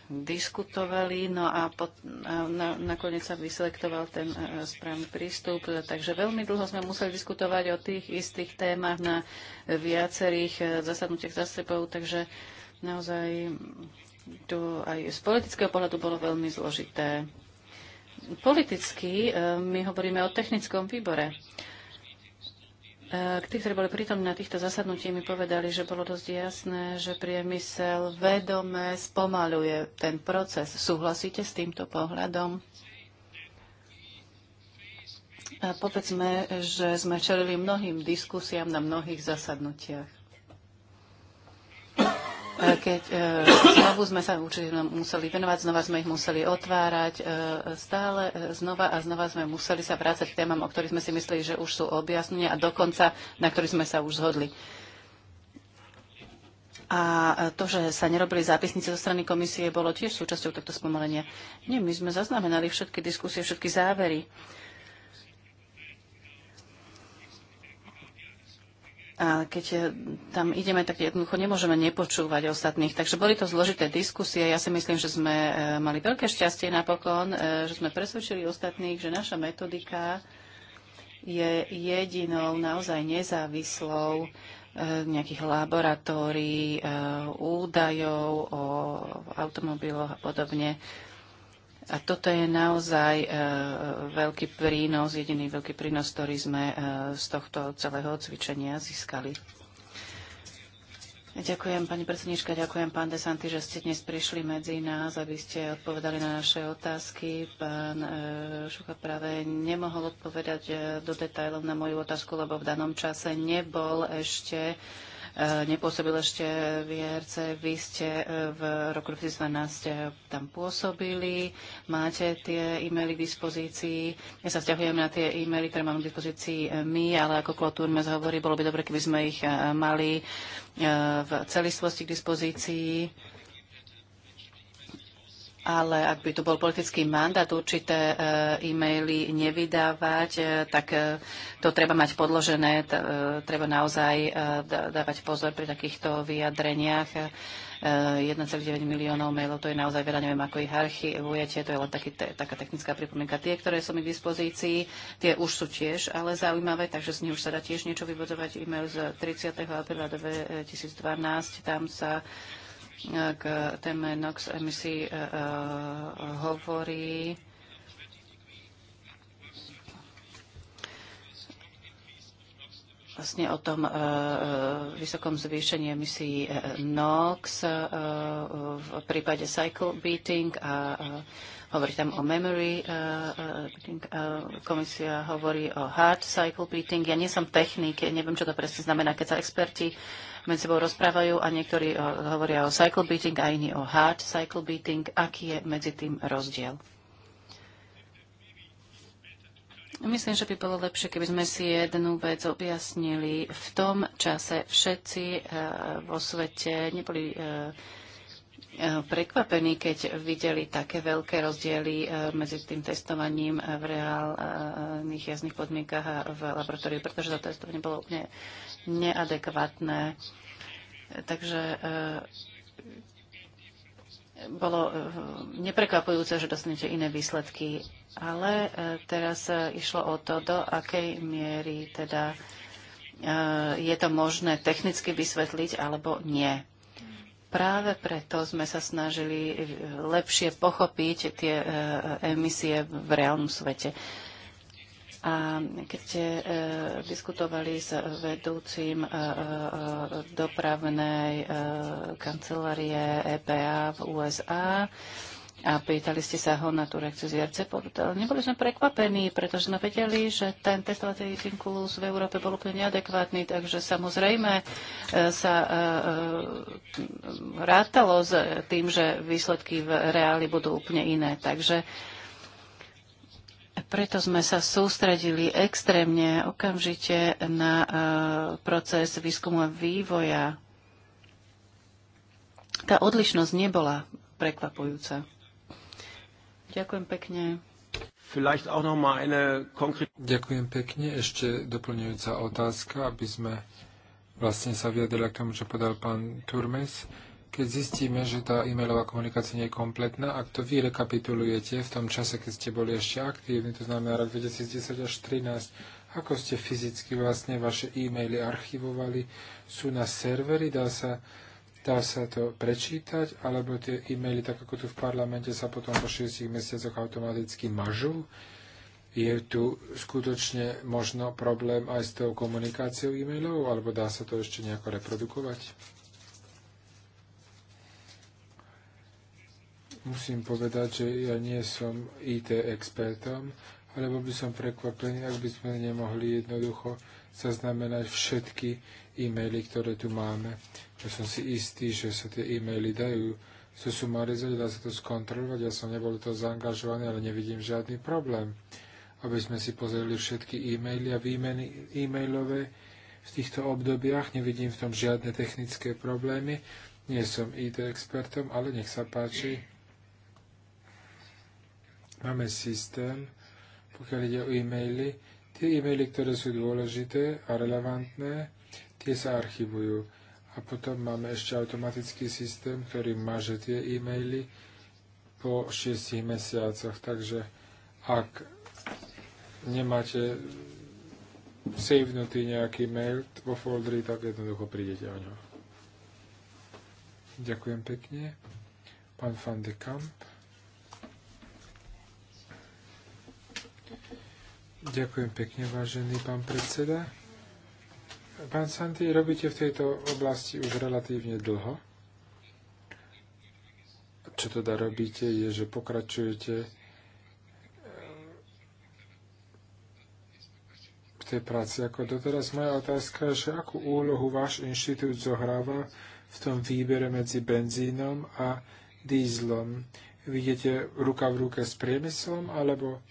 diskutovali, no a, pot, a na, nakoniec sa vyselektoval ten e, správny prístup. Takže veľmi dlho sme museli diskutovať o tých istých témach na viacerých e, zasadnutiach za sebou, takže naozaj to aj z politického pohľadu bolo veľmi zložité. Politicky e, my hovoríme o technickom výbore. Tí, ktorí boli prítomní na týchto zasadnutí, mi povedali, že bolo dosť jasné, že priemysel vedome spomaluje ten proces. Súhlasíte s týmto pohľadom? A povedzme, že sme čelili mnohým diskusiám na mnohých zasadnutiach. E, keď e, znovu sme sa určite museli venovať, znova sme ich museli otvárať, e, stále znova a znova sme museli sa vrácať k témam, o ktorých sme si mysleli, že už sú objasnenia a dokonca na ktorých sme sa už zhodli. A to, že sa nerobili zápisnice zo strany komisie, bolo tiež súčasťou tohto spomalenia. Nie, my sme zaznamenali všetky diskusie, všetky závery. A keď eh, tam ideme, tak jednoducho nemôžeme nepočúvať ostatných. Takže boli to zložité diskusie. Ja si myslím, že sme eh, mali veľké šťastie napokon, eh, že sme presvedčili ostatných, že naša metodika je jedinou naozaj nezávislou nejakých laboratórií, údajov o automobiloch a podobne. A toto je naozaj e, veľký prínos, jediný veľký prínos, ktorý sme e, z tohto celého cvičenia získali. Ďakujem, pani predsednička, ďakujem, pán Desanty, že ste dnes prišli medzi nás, aby ste odpovedali na naše otázky. Pán e, Šucha práve nemohol odpovedať do detajlov na moju otázku, lebo v danom čase nebol ešte nepôsobil ešte v IRC. E Vy ste e, v roku 2012 e, tam pôsobili, máte tie e-maily k dispozícii. Ja sa vzťahujem na tie e-maily, ktoré máme k dispozícii my, ale ako Claude mes hovorí, bolo by dobre, keby sme ich mali v celistvosti k dispozícii ale ak by tu bol politický mandát určité eh, e-maily nevydávať, eh, tak eh, to treba mať podložené, treba naozaj dávať pozor pri takýchto vyjadreniach. 1,9 miliónov mailov, to je naozaj veľa, neviem, ako ich archivujete, to je len taký, taká technická pripomienka. Tie, ktoré sú mi k dispozícii, tie už sú tiež ale zaujímavé, takže z nich už sa dá tiež niečo vyvodzovať. E-mail z 30. apríla 2012, tam sa k téme NOx emisí e, e, hovorí. vlastne o tom e, vysokom zvýšení emisí NOx v prípade cycle beating a hovorí tam o memory beating. Komisia hovorí o hard cycle beating. Ja nie som technik, neviem, čo to presne znamená, keď sa experti medzi sebou rozprávajú a niektorí eh, hovoria o cycle beating a iní o hard cycle beating. Aký je medzi tým rozdiel? Myslím, že by bolo lepšie, keby sme si jednu vec objasnili. V tom čase všetci eh, vo svete neboli eh, prekvapení, keď videli také veľké rozdiely e, medzi tým testovaním e, v reálnych jazdných podmienkach a v laboratóriu, pretože to testovanie bolo úplne neadekvátne. Takže e, bolo neprekvapujúce, že dostanete iné výsledky, ale teraz išlo o to, do akej miery teda je to možné technicky vysvetliť alebo nie práve preto sme sa snažili lepšie pochopiť tie e, emisie v reálnom svete. A keď ste diskutovali s vedúcim e, e, dopravnej kancelárie EPA v USA, a pýtali ste sa ho na tú reakciu z JRC. Neboli sme prekvapení, pretože sme vedeli, že ten testovací impuls v Európe bol úplne neadekvátny, takže samozrejme e, sa e, e, rátalo s tým, že výsledky v reáli budú úplne iné. Takže preto sme sa sústredili extrémne okamžite na proces výskumu a vývoja. Tá odlišnosť nebola prekvapujúca. Ďakujem pekne. Ďakujem pekne. Ešte doplňujúca otázka, aby sme vlastne sa vyjadrili k tomu, čo podal pán Turmes. Keď zistíme, že tá e-mailová komunikácia nie je kompletná, ak to vy rekapitulujete v tom čase, keď ste boli ešte aktívni, to znamená rok 2010 až 2013, ako ste fyzicky vlastne vaše e-maily archivovali, sú na servery, dá sa dá sa to prečítať, alebo tie e-maily, tak ako tu v parlamente, sa potom po 6 mesiacoch automaticky mažú. Je tu skutočne možno problém aj s tou komunikáciou e-mailov, alebo dá sa to ešte nejako reprodukovať? Musím povedať, že ja nie som IT expertom, alebo by som prekvapený, ak by sme nemohli jednoducho zaznamenať všetky e-maily, ktoré tu máme že som si istý, že sa tie e-maily dajú zosumarizovať, dá sa to skontrolovať. Ja som nebol to zaangažovaný, ale nevidím žiadny problém, aby sme si pozreli všetky e-maily a výmeny e-mailové v týchto obdobiach. Nevidím v tom žiadne technické problémy. Nie som IT expertom, ale nech sa páči. Máme systém, pokiaľ ide o e-maily. Tie e-maily, ktoré sú dôležité a relevantné, tie sa archivujú a potom máme ešte automatický systém, ktorý maže tie e-maily po 6 mesiacoch. Takže ak nemáte savenutý nejaký mail vo foldri, tak jednoducho prídete o ňo. Ďakujem pekne. Pán Van de Kamp. Ďakujem pekne, vážený pán predseda. Pán Santi, robíte v tejto oblasti už relatívne dlho. Čo teda robíte, je, že pokračujete ehm, v tej práci ako doteraz. Moja otázka je, že akú úlohu váš inštitút zohráva v tom výbere medzi benzínom a dízlom. Vidíte ruka v ruke s priemyslom, alebo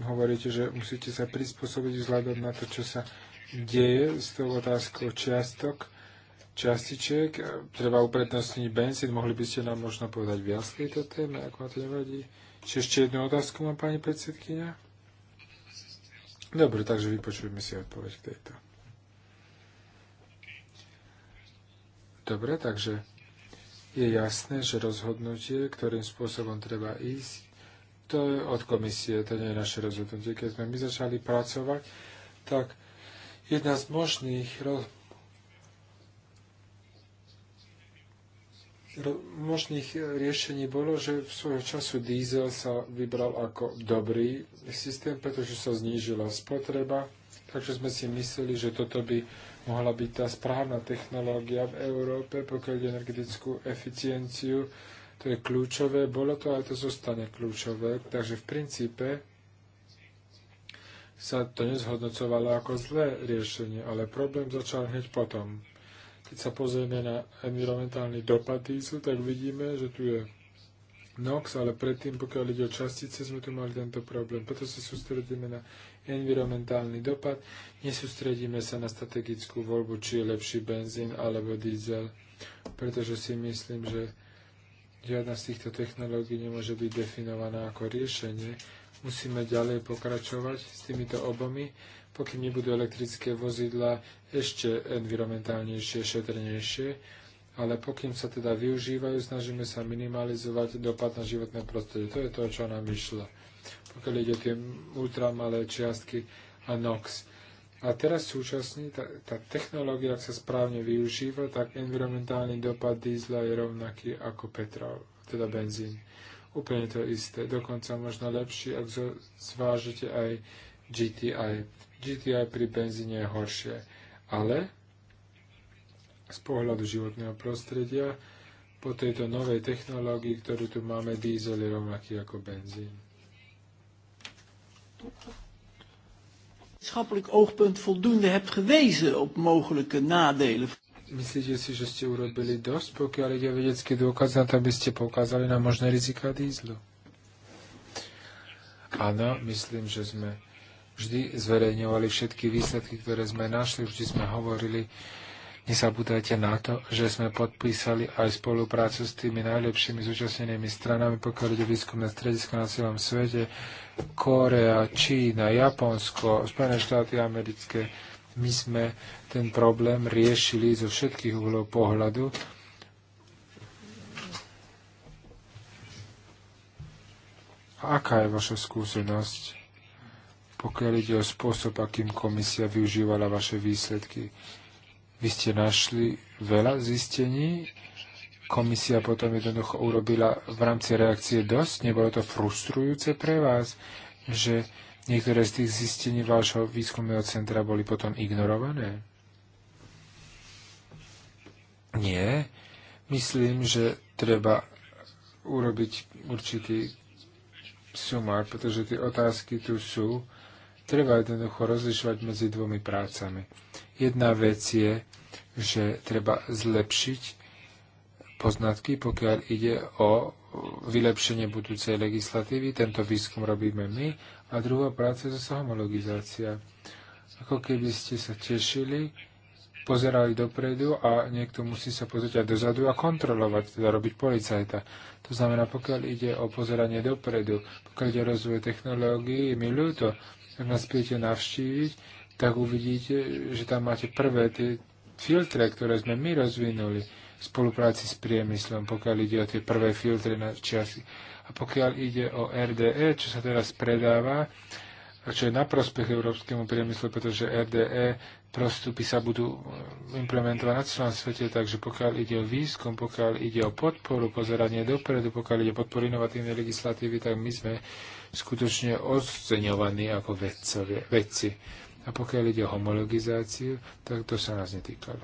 hovoríte, že musíte sa prispôsobiť vzhľadom na to, čo sa deje s tou otázkou čiastok, častičiek. Treba uprednostniť benzín. Mohli by ste nám možno povedať viac tejto téme, ako vám to nevadí? Či ešte jednu otázku má pani predsedkynia? Dobre, takže vypočujeme si odpoveď k tejto. Dobre, takže je jasné, že rozhodnutie, ktorým spôsobom treba ísť, to je od komisie, to nie je naše rozhodnutie. Keď sme my začali pracovať, tak jedna z možných roz... možných riešení bolo, že v svojho času diesel sa vybral ako dobrý systém, pretože sa znížila spotreba, takže sme si mysleli, že toto by mohla byť tá správna technológia v Európe, pokiaľ energetickú eficienciu, to je kľúčové, bolo to, ale to zostane kľúčové. Takže v princípe sa to nezhodnocovalo ako zlé riešenie, ale problém začal hneď potom. Keď sa pozrieme na environmentálny dopad dízu, tak vidíme, že tu je NOx, ale predtým, pokiaľ ide o častice, sme tu mali tento problém. Preto sa sústredíme na environmentálny dopad, nesústredíme sa na strategickú voľbu, či je lepší benzín alebo diesel, pretože si myslím, že Žiadna z týchto technológií nemôže byť definovaná ako riešenie. Musíme ďalej pokračovať s týmito obomi, pokým nebudú elektrické vozidla ešte environmentálnejšie, šetrnejšie, ale pokým sa teda využívajú, snažíme sa minimalizovať dopad na životné prostredie. To je to, čo nám vyšlo. Pokiaľ ide tie ultramalé čiastky a NOx. A teraz súčasne tá, tá technológia, ak sa správne využíva, tak environmentálny dopad dízla je rovnaký ako petrol, teda benzín. Úplne to isté, dokonca možno lepší, ak zvážite aj GTI. GTI pri benzíne je horšie, ale z pohľadu životného prostredia po tejto novej technológii, ktorú tu máme, diesel je rovnaký ako benzín. Thank you wetenschappelijk oogpunt voldoende hebt gewezen op mogelijke nadelen. Myslíte si, že ste urobili dosť, pokiaľ ide vedecký dôkaz na to, aby ste poukázali na možné rizika dízlu? Áno, myslím, že sme vždy zverejňovali všetky výsledky, ktoré sme našli, vždy sme hovorili, Nezabúdajte na to, že sme podpísali aj spoluprácu s tými najlepšími zúčastnenými stranami, pokiaľ ide výskumné stredisko na celom svete, Korea, Čína, Japonsko, Spojené štáty americké. My sme ten problém riešili zo všetkých uhlov pohľadu. Aká je vaša skúsenosť, pokiaľ ide o spôsob, akým komisia využívala vaše výsledky? Vy ste našli veľa zistení, komisia potom jednoducho urobila v rámci reakcie dosť. Nebolo to frustrujúce pre vás, že niektoré z tých zistení vášho výskumného centra boli potom ignorované? Nie. Myslím, že treba urobiť určitý sumár, pretože tie otázky tu sú Treba jednoducho rozlišovať medzi dvomi prácami. Jedna vec je, že treba zlepšiť poznatky, pokiaľ ide o vylepšenie budúcej legislatívy. Tento výskum robíme my. A druhá práca je zase homologizácia. Ako keby ste sa tešili, pozerali dopredu a niekto musí sa pozrieť aj dozadu a kontrolovať, teda robiť policajta. To znamená, pokiaľ ide o pozeranie dopredu, pokiaľ ide o rozvoj technológií, mi ľúto, ak nás príjete navštíviť, tak uvidíte, že tam máte prvé tie filtre, ktoré sme my rozvinuli v spolupráci s priemyslom, pokiaľ ide o tie prvé filtre na časy. A pokiaľ ide o RDE, čo sa teraz predáva, a čo je na prospech európskemu priemyslu, pretože RDE prostupy sa budú eh, implementovať na celom svete, takže pokiaľ ide o výskum, pokiaľ ide o podporu, pozeranie dopredu, pokiaľ ide o podporu inovatívnej legislatívy, tak my sme skutočne oceňovaní ako vedcovie, vedci. A pokiaľ ide o homologizáciu, tak to sa nás netýkalo.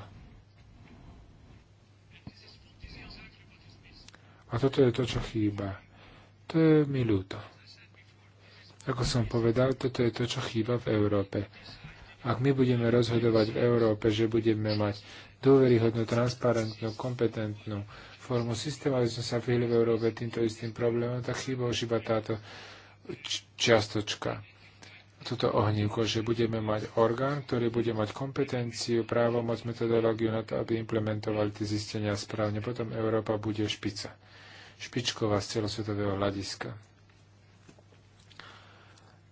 A toto je to, čo chýba. To je mi ľúto. Ako som povedal, toto je to, čo chýba v Európe. Ak my budeme rozhodovať v Európe, že budeme mať dôveryhodnú, transparentnú, kompetentnú formu systému, aby sme sa vyhli v Európe týmto istým problémom, tak chýba už iba táto čiastočka Toto ohnívko, že budeme mať orgán, ktorý bude mať kompetenciu, právomoc, metodológiu na to, aby implementovali tie zistenia správne. Potom Európa bude špica. Špičková z celosvetového hľadiska.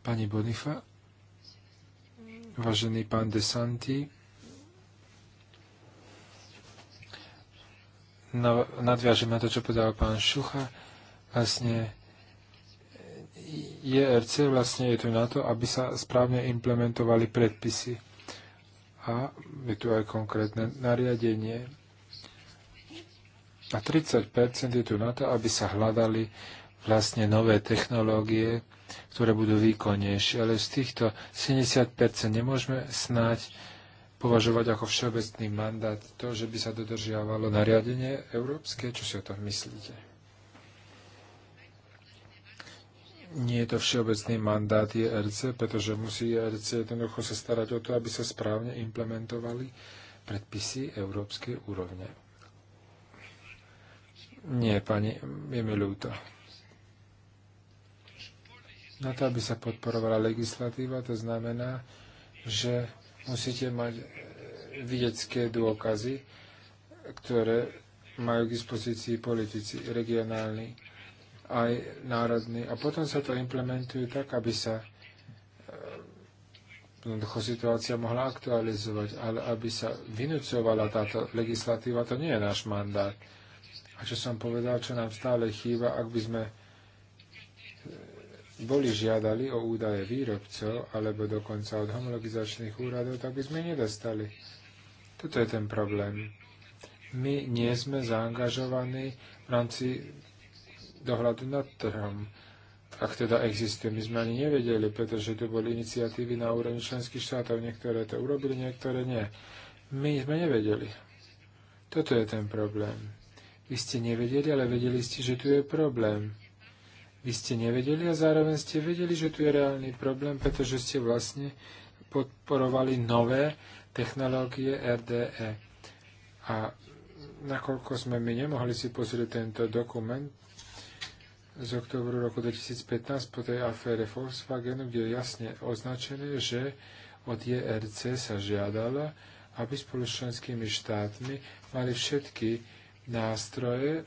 Pani Bonifa, vážený pán Desanti, nadviažem na to, čo povedal pán Šucha, vlastne IRC vlastne je tu na to, aby sa správne implementovali predpisy. A je tu aj konkrétne nariadenie. A 30% je tu na to, aby sa hľadali vlastne nové technológie, ktoré budú výkonnejšie. Ale z týchto 70% nemôžeme snáď považovať ako všeobecný mandát to, že by sa dodržiavalo nariadenie európske? Čo si o tom myslíte? Nie je to všeobecný mandát IRC, pretože musí IRC jednoducho sa starať o to, aby sa správne implementovali predpisy európskej úrovne. Nie, pani, je mi ľúto na to, aby sa podporovala legislatíva, to znamená, že musíte mať e, vedecké dôkazy, ktoré majú k dispozícii politici regionálni aj národní. A potom sa to implementujú tak, aby sa e, jednoducho situácia mohla aktualizovať, ale aby sa vynúcovala táto legislatíva, to nie je náš mandát. A čo som povedal, čo nám stále chýba, ak by sme boli žiadali o údaje výrobcov alebo dokonca od homologizačných úradov, tak by sme nedostali. Toto je ten problém. My nie sme zaangažovaní v rámci dohľadu nad trhom. Ak teda existuje, my sme ani nevedeli, pretože tu boli iniciatívy na úrovni členských štátov, niektoré to urobili, niektoré nie. My sme nevedeli. Toto je ten problém. Vy ste nevedeli, ale vedeli ste, že tu je problém vy ste nevedeli a zároveň ste vedeli, že tu je reálny problém, pretože ste vlastne podporovali nové technológie RDE. A nakoľko sme my nemohli si pozrieť tento dokument z oktobru roku 2015 po tej afére Volkswagenu, kde je jasne označené, že od JRC e sa žiadala, aby spoločenskými štátmi mali všetky nástroje,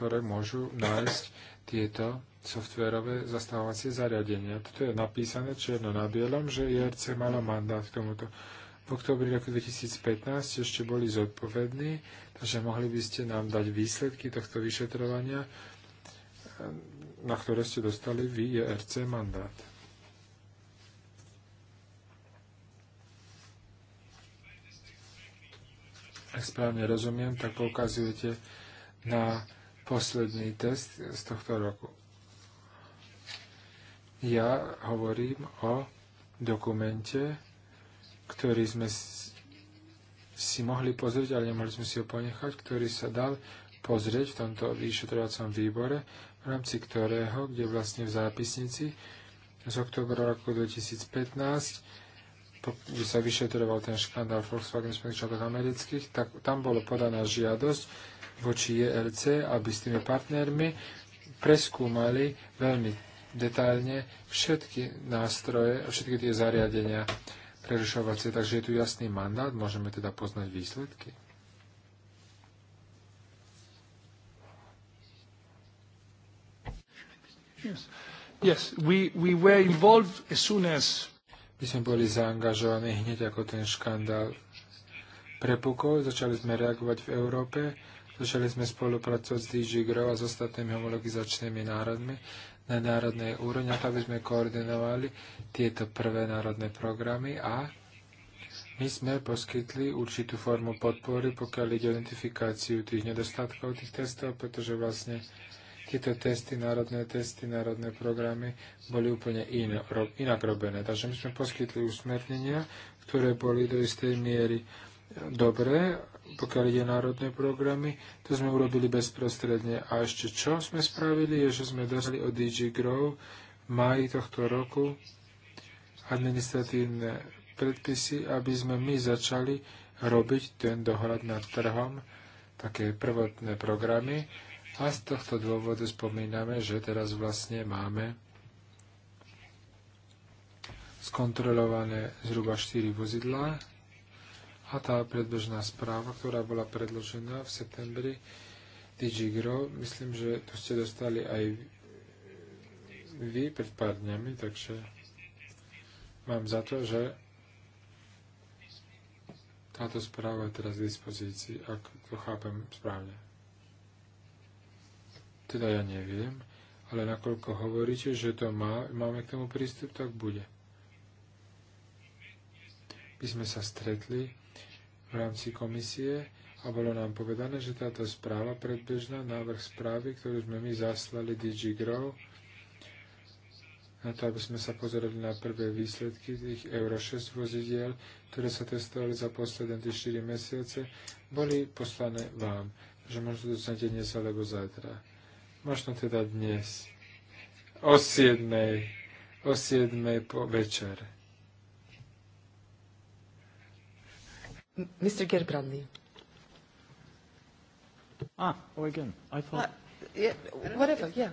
ktoré môžu nájsť tieto softverové zastávacie zariadenia. Toto je napísané čierno na bielom, že IRC mala mandát k tomuto. V oktobri roku 2015 ešte boli zodpovední, takže mohli by ste nám dať výsledky tohto vyšetrovania, na ktoré ste dostali vy IRC mandát. Ak správne rozumiem, tak poukazujete na posledný test z tohto roku. Ja hovorím o dokumente, ktorý sme si mohli pozrieť, ale nemohli sme si ho ponechať, ktorý sa dal pozrieť v tomto vyšetrovacom výbore, v rámci ktorého, kde vlastne v zápisnici z oktobra roku 2015, kde sa vyšetroval ten škandál Volkswagen Spojených amerických, tak tam bolo podaná žiadosť voči JLC, e aby s tými partnermi preskúmali veľmi detailne všetky nástroje a všetky tie zariadenia prerušovacie, takže je tu jasný mandát, môžeme teda poznať výsledky. Yes. Yes, we, we were involved as soon as... My sme boli zaangažovaní hneď ako ten škandál prepukol, začali sme reagovať v Európe, začali sme spolupracovať s DG Grow a s ostatnými homologizačnými národmi, na národnej úrovni, aby sme koordinovali tieto prvé národné programy a my sme poskytli určitú formu podpory, pokiaľ ide o identifikáciu tých nedostatkov tých testov, pretože vlastne tieto testy, národné testy, národné programy boli úplne in, inak robené. Takže my sme poskytli usmernenia, ktoré boli do istej miery e, dobré pokiaľ ide národné programy, to sme urobili bezprostredne. A ešte čo sme spravili, je, že sme dostali od DG Grow v maji tohto roku administratívne predpisy, aby sme my začali robiť ten dohľad nad trhom, také prvotné programy. A z tohto dôvodu spomíname, že teraz vlastne máme skontrolované zhruba 4 vozidlá a tá predbežná správa, ktorá bola predložená v septembri, Digigro, myslím, že to ste dostali aj vy pred pár dňami, takže mám za to, že táto správa je teraz k dispozícii, ak to chápem správne. Teda ja neviem, ale nakoľko hovoríte, že to má, máme k tomu prístup, tak bude. My sme sa stretli v rámci komisie a bolo nám povedané, že táto správa predbežná, návrh správy, ktorú sme my zaslali DG Grow, na to, aby sme sa pozerali na prvé výsledky tých Euro 6 vozidiel, ktoré sa testovali za posledné tie 4 mesiace, boli poslané vám, že možno dostanete dnes alebo zajtra. Možno teda dnes. O 7. O 7. po večer. Mr. Gerbrandy. Ah, oh, again. I thought... Uh, yeah, whatever, yeah.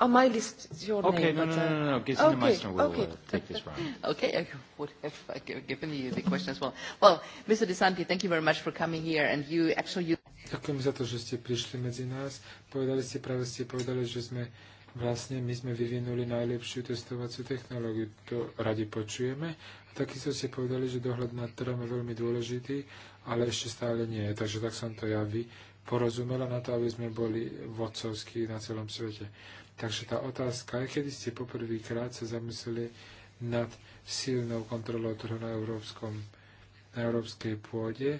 On my list, it's your okay, name. Okay, no, no, no, no, no, no. Gesine uh, okay, Meissner will uh, okay. uh, take this round. okay, I would have uh, given you the question as well. Well, Mr. DeSanti, thank you very much for coming here, and you actually... You... Ďakujem za to, že ste prišli medzi nás. Povedali ste, práve ste povedali, že sme vlastne my sme vyvinuli najlepšiu testovaciu technológiu. To radi počujeme. A takisto ste povedali, že dohľad nad trhom je veľmi dôležitý, ale ešte stále nie. Takže tak som to ja vy porozumela na to, aby sme boli vodcovskí na celom svete. Takže tá otázka je, kedy ste poprvýkrát sa zamysleli nad silnou kontrolou trhu na, európskom, na európskej pôde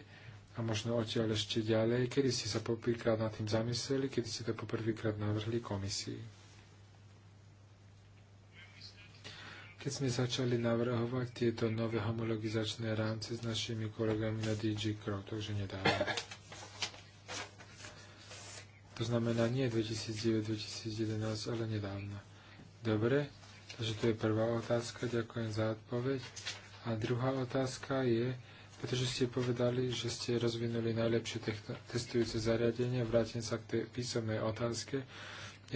a možno odtiaľ ešte ďalej, kedy ste sa poprvýkrát nad tým zamysleli, kedy ste to poprvýkrát navrhli komisii. Keď sme začali navrhovať tieto nové homologizačné rámce s našimi kolegami na DG Crow, takže nedávno. To znamená nie 2009-2011, ale nedávno. Dobre, takže to je prvá otázka, ďakujem za odpoveď. A druhá otázka je, pretože ste povedali, že ste rozvinuli najlepšie testujúce zariadenie, vrátim sa k tej písomnej otázke,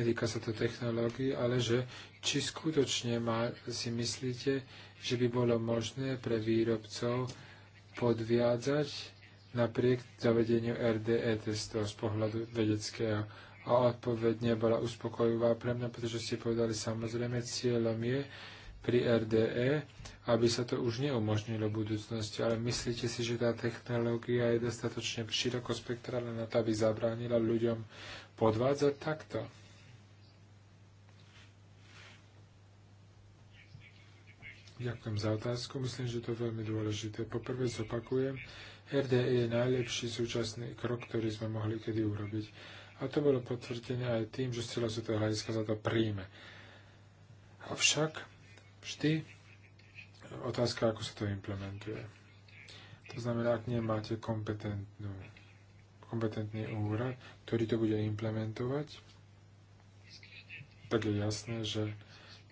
netýka sa to technológií, ale že či skutočne má, si myslíte, že by bolo možné pre výrobcov podviadzať napriek zavedeniu RDE testov z pohľadu vedeckého. A odpoveď nebola uspokojivá pre mňa, pretože ste povedali, samozrejme, cieľom je pri RDE, aby sa to už neumožnilo v budúcnosti. Ale myslíte si, že tá technológia je dostatočne širokospektrálna na to, aby zabránila ľuďom podvádzať takto? Ďakujem za otázku. Myslím, že to je veľmi dôležité. Poprvé zopakujem, RDE je najlepší súčasný krok, ktorý sme mohli kedy urobiť. A to bolo potvrdené aj tým, že z celosvetového hľadiska sa to príjme. Avšak vždy otázka, ako sa to implementuje. To znamená, ak nemáte kompetentnú, kompetentný úrad, ktorý to bude implementovať, tak je jasné, že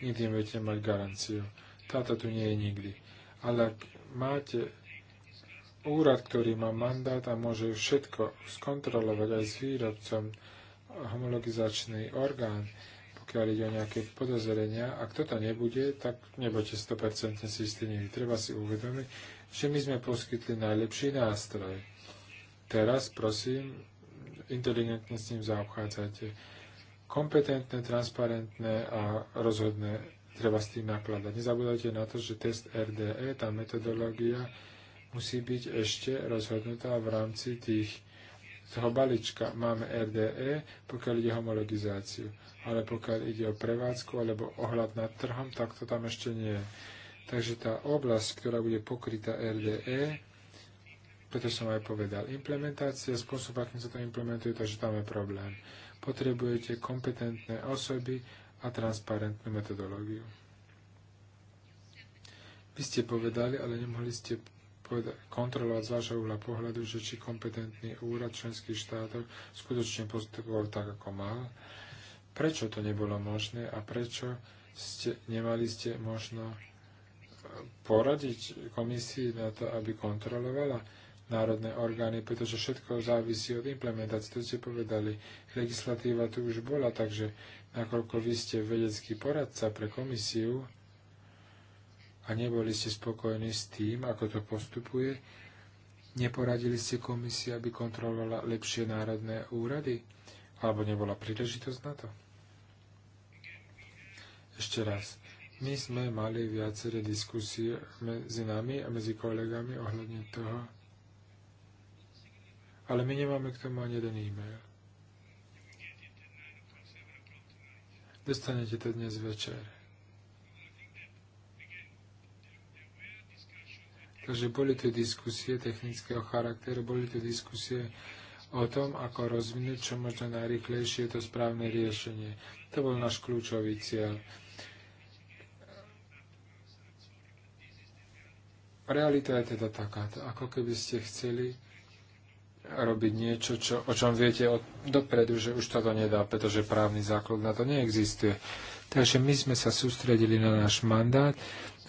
nikdy nebudete mať garanciu táto tu nie je nikdy. Ale ak máte úrad, ktorý má mandát a môže všetko skontrolovať aj s výrobcom, homologizačný orgán, pokiaľ ide o nejaké podozrenia, ak toto nebude, tak nebojte 100% si istý nie. Treba si uvedomiť, že my sme poskytli najlepší nástroj. Teraz, prosím, inteligentne s ním zaobchádzajte. Kompetentné, transparentné a rozhodné treba s tým nakladať. Nezabúdajte na to, že test RDE, tá metodológia musí byť ešte rozhodnutá v rámci tých toho balíčka máme RDE, pokiaľ ide homologizáciu. Ale pokiaľ ide o prevádzku alebo ohľad nad trhom, tak to tam ešte nie je. Takže tá oblasť, ktorá bude pokrytá RDE, preto som aj povedal, implementácia, spôsob, akým sa to implementuje, takže tam je problém. Potrebujete kompetentné osoby, a transparentnú metodológiu. Vy ste povedali, ale nemohli ste kontrolovať z vášho uhla pohľadu, že či kompetentný úrad členských štátov skutočne postupoval tak, ako mal. Prečo to nebolo možné a prečo ste, nemali ste možno eh, poradiť komisii na to, aby kontrolovala? národné orgány, pretože všetko závisí od implementácie. To ste povedali, legislatíva tu už bola, takže nakoľko vy ste vedecký poradca pre komisiu a neboli ste spokojní s tým, ako to postupuje, neporadili ste komisii, aby kontrolovala lepšie národné úrady, alebo nebola príležitosť na to? Ešte raz. My sme mali viaceré diskusie medzi nami a medzi kolegami ohľadne toho, ale my nemáme k tomu ani jeden e-mail. Dostanete to dnes večer. Takže boli tu diskusie technického charakteru, boli tu diskusie o tom, ako rozvinúť čo možno najrychlejšie to správne riešenie. To bol náš kľúčový cieľ. Realita je teda takáto, ako keby ste chceli robiť niečo, čo, o čom viete od, dopredu, že už toto nedá, pretože právny základ na to neexistuje. Takže my sme sa sústredili na náš mandát,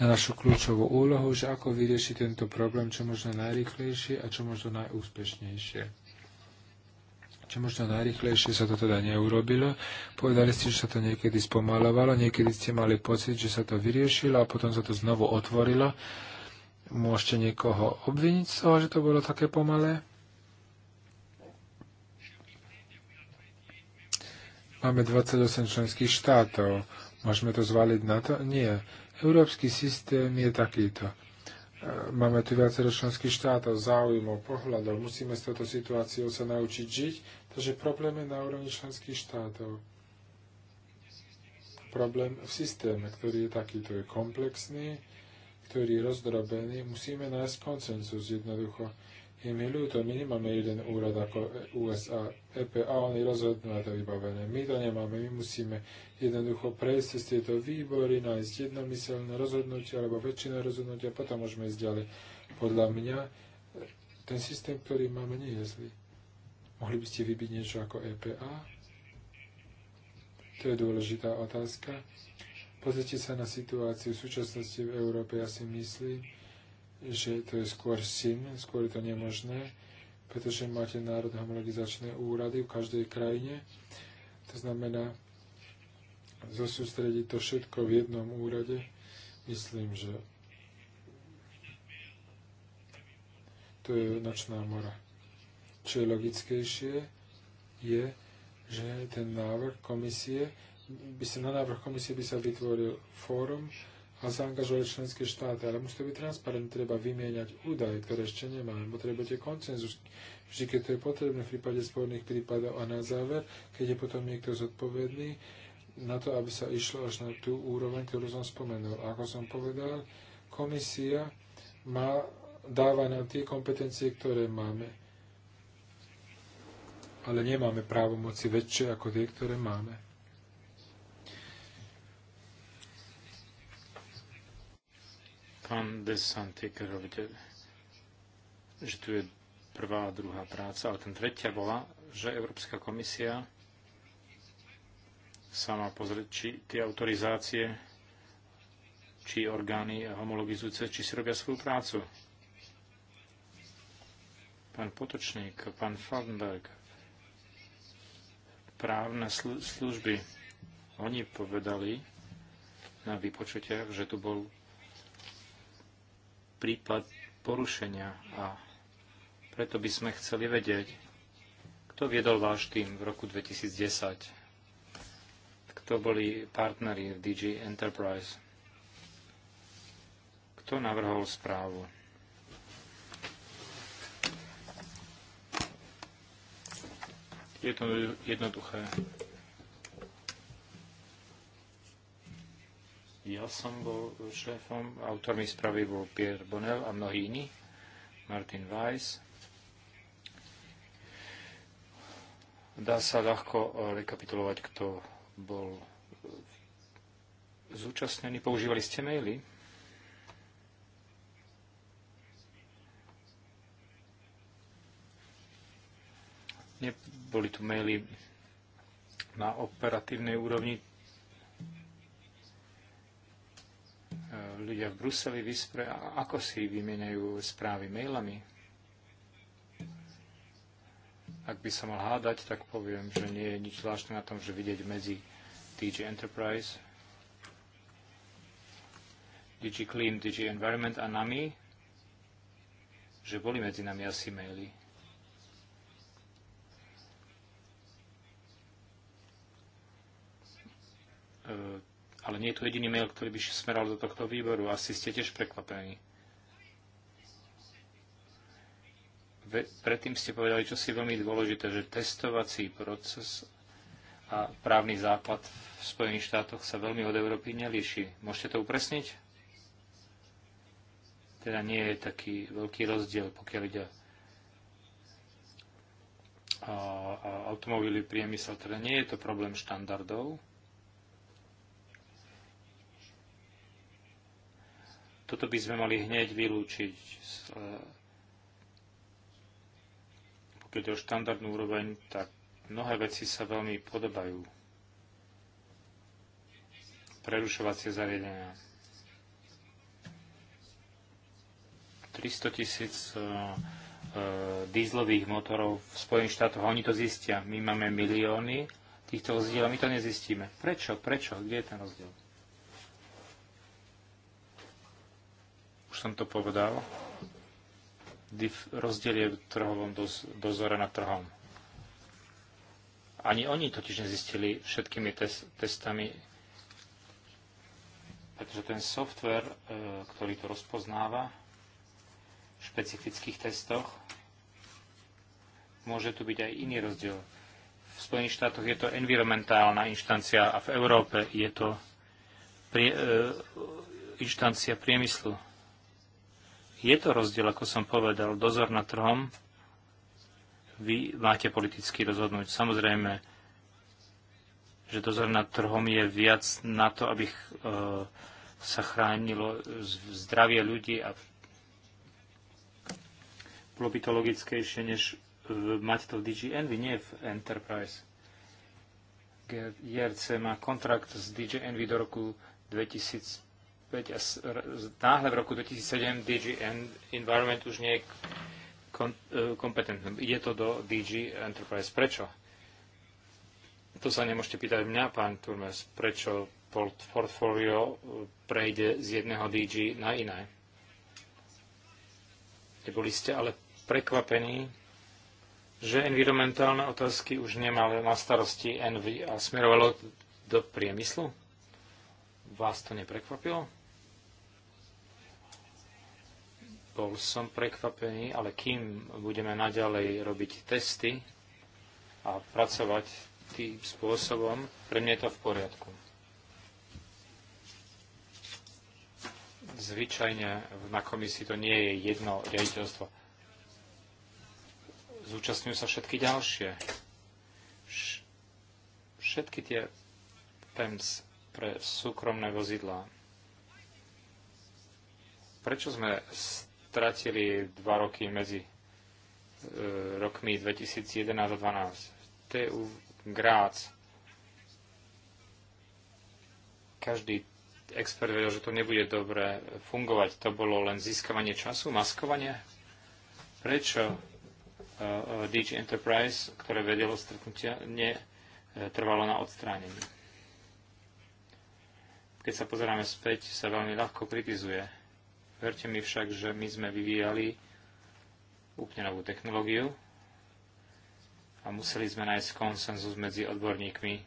na našu kľúčovú úlohu, že ako vyriešiť tento problém čo možno najrychlejšie a čo možno najúspešnejšie čo možno najrychlejšie sa to teda neurobilo. Povedali ste, že sa to niekedy spomalovalo, niekedy ste mali pocit, že sa to vyriešilo a potom sa to znovu otvorilo. Môžete niekoho obviniť z toho, že to bolo také pomalé? Máme 28 členských štátov. Môžeme to zvaliť na to? Nie. Európsky systém je takýto. E, máme tu viacero členských štátov, záujmov, pohľadov. Musíme s touto situáciou sa naučiť žiť. Takže problém je na úrovni členských štátov. Problém v systéme, ktorý je takýto, je komplexný, ktorý je rozdrobený. Musíme nájsť koncenzus jednoducho. Je mi ľúto, my nemáme jeden úrad ako USA, EP a oni rozhodnú na to vybavené. My to nemáme, my musíme jednoducho prejsť cez tieto výbory, nájsť jednomyselné rozhodnutie alebo väčšinné rozhodnutia, potom môžeme ísť ďalej. Podľa mňa e, ten systém, ktorý máme, nie je zlý. Mohli by ste vybiť niečo ako EPA? To je dôležitá otázka. Pozrite sa na situáciu v súčasnosti v Európe, ja si myslím, že to je skôr syn, skôr je to nemožné, pretože máte národné homologizačné úrady v každej krajine. To znamená, zosústrediť to všetko v jednom úrade, myslím, že to je nočná mora. Čo je logickejšie, je, že ten návrh komisie, by sa, na návrh komisie by sa vytvoril fórum, a zaangažovať členské štáty, ale musí to byť transparentné, treba vymieňať údaje, ktoré ešte nemáme. Potrebujete koncenzus, vždy keď to je potrebné v prípade sporných prípadov a na záver, keď je potom niekto zodpovedný, na to, aby sa išlo až na tú úroveň, ktorú som spomenul. A ako som povedal, komisia má, dáva nám tie kompetencie, ktoré máme. Ale nemáme právomoci väčšie ako tie, ktoré máme. Pán Desanti, že tu je prvá a druhá práca, ale ten tretia bola, že Európska komisia sa má pozrieť, či tie autorizácie, či orgány homologizujúce, či si robia svoju prácu. Pán Potočník, pán Falkenberg, právne služby, oni povedali na vypočutiach, že tu bol prípad porušenia a preto by sme chceli vedieť, kto viedol váš tým v roku 2010, kto boli partneri v DG Enterprise, kto navrhol správu. Je to jednoduché. Ja som bol šéfom, autormi správy bol Pierre Bonel a mnohí iní, Martin Weiss. Dá sa ľahko eh, rekapitulovať, kto bol eh, zúčastnený. Používali ste maily? Neboli tu maily na operatívnej úrovni, ľudia v Bruseli vyspre a ako si vymieňajú správy mailami. Ak by som mal hádať, tak poviem, že nie je nič zvláštne na tom, že vidieť medzi DG Enterprise, DG Clean, DG Environment a nami, že boli medzi nami asi maily. Uh, ale nie je tu jediný mail, ktorý by smeral do tohto výboru. Asi ste tiež prekvapení. Ve, predtým ste povedali, čo si veľmi dôležité, že testovací proces a právny základ v Spojených štátoch sa veľmi od Európy nelíši. Môžete to upresniť? Teda nie je taký veľký rozdiel, pokiaľ ide a, a automobilový priemysel. Teda nie je to problém štandardov, Toto by sme mali hneď vylúčiť. E, pokiaľ je o štandardnú úroveň, tak mnohé veci sa veľmi podobajú. Prerušovacie zariadenia. 300 tisíc e, e, dízlových motorov v Spojených štátoch. Oni to zistia. My máme milióny týchto rozdielov. My to nezistíme. Prečo? Prečo? Kde je ten rozdiel? už som to povedal, rozdiel je v trhovom dozore nad trhom. Ani oni totiž nezistili všetkými tes- testami, pretože ten software, e, ktorý to rozpoznáva v špecifických testoch, môže tu byť aj iný rozdiel. V Spojených štátoch je to environmentálna inštancia a v Európe je to prie, e, inštancia priemyslu. Je to rozdiel, ako som povedal, dozor na trhom. Vy máte politicky rozhodnúť. Samozrejme, že dozor nad trhom je viac na to, aby eh, sa chránilo zdravie ľudí a bolo by to logickejšie, než eh, mať to v DG Envy, nie v Enterprise. JRC má kontrakt s DG Envy do roku 2000. Veď náhle v roku 2007 DG Environment už nie je e, kompetentné. Ide to do DG Enterprise. Prečo? To sa nemôžete pýtať mňa, pán Turmes, prečo portfólio e, prejde z jedného DG na iné. Neboli ste ale prekvapení, že environmentálne otázky už nemali na starosti NV a smerovalo do priemyslu? Vás to neprekvapilo? Bol som prekvapený, ale kým budeme naďalej robiť testy a pracovať tým spôsobom, pre mňa je to v poriadku. Zvyčajne na komisii to nie je jedno riaditeľstvo. Zúčastňujú sa všetky ďalšie. Všetky tie PEMS pre súkromné vozidlá. Prečo sme tratili dva roky medzi e, rokmi 2011 a 2012. TU Grác. Každý expert vedel, že to nebude dobre fungovať. To bolo len získavanie času, maskovanie. Prečo uh, e, e, DG Enterprise, ktoré vedelo stretnutia, netrvalo na odstránení? Keď sa pozeráme späť, sa veľmi ľahko kritizuje Verte mi však, že my sme vyvíjali úplne novú technológiu a museli sme nájsť konsenzus medzi odborníkmi.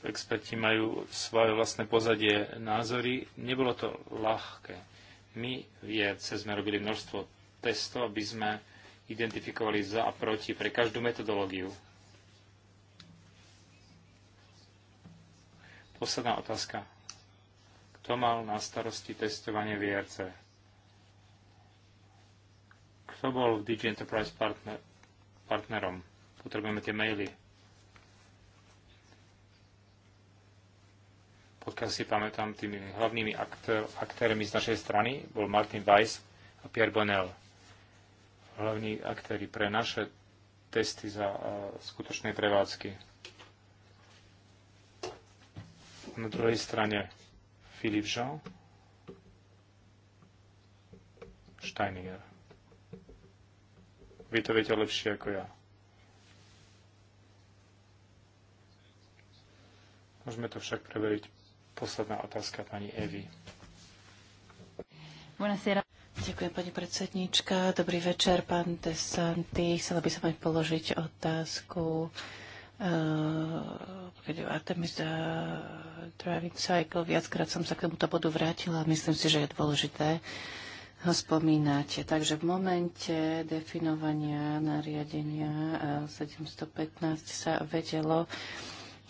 Experti majú svoje vlastné pozadie názory. Nebolo to ľahké. My v IRC e sme robili množstvo testov, aby sme identifikovali za a proti pre každú metodológiu. Posledná otázka. Kto mal na starosti testovanie VRC? Kto bol v DG Enterprise partner, partnerom? Potrebujeme tie maily. Pokiaľ si pamätám, tými hlavnými aktér, aktérmi z našej strany bol Martin Weiss a Pierre Bonnell. Hlavní aktéry pre naše testy za e, skutočné prevádzky. Na druhej strane Filip Jean. Steininger. Vy to viete lepšie ako ja. Môžeme to však preveriť. Posledná otázka pani Evy. Ďakujem, pani predsednička. Dobrý večer, pán Desanty. Chcela by sa mať položiť otázku Eh, keď je Artemis Driving Cycle, viackrát som sa k tomuto bodu vrátila a myslím si, že je dôležité ho spomínať. Takže v momente definovania nariadenia 715 eh, sa vedelo,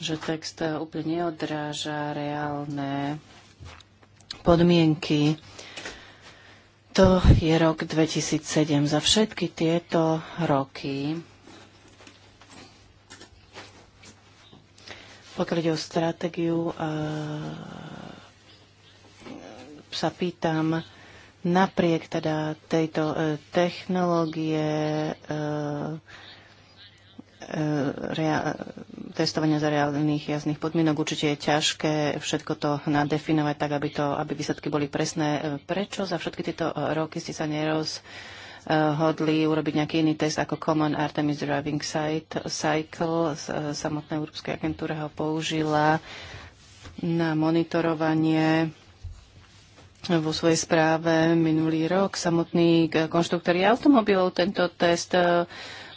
že text eh, úplne neodráža reálne podmienky. To je rok 2007. Za všetky tieto roky Pokiaľ ide o stratégiu, sa pýtam, napriek teda tejto e, technológie e, e, rea- testovania za reálnych jasných podmienok. Určite je ťažké všetko to nadefinovať tak, aby, to, aby výsledky boli presné. Prečo za všetky tieto roky ste sa neroz Eh, hodli urobiť nejaký iný test ako Common Artemis Driving Cycle. Eh, samotná Európska agentúra ho použila na monitorovanie vo svojej správe minulý rok. Samotní eh, konštruktori automobilov tento test,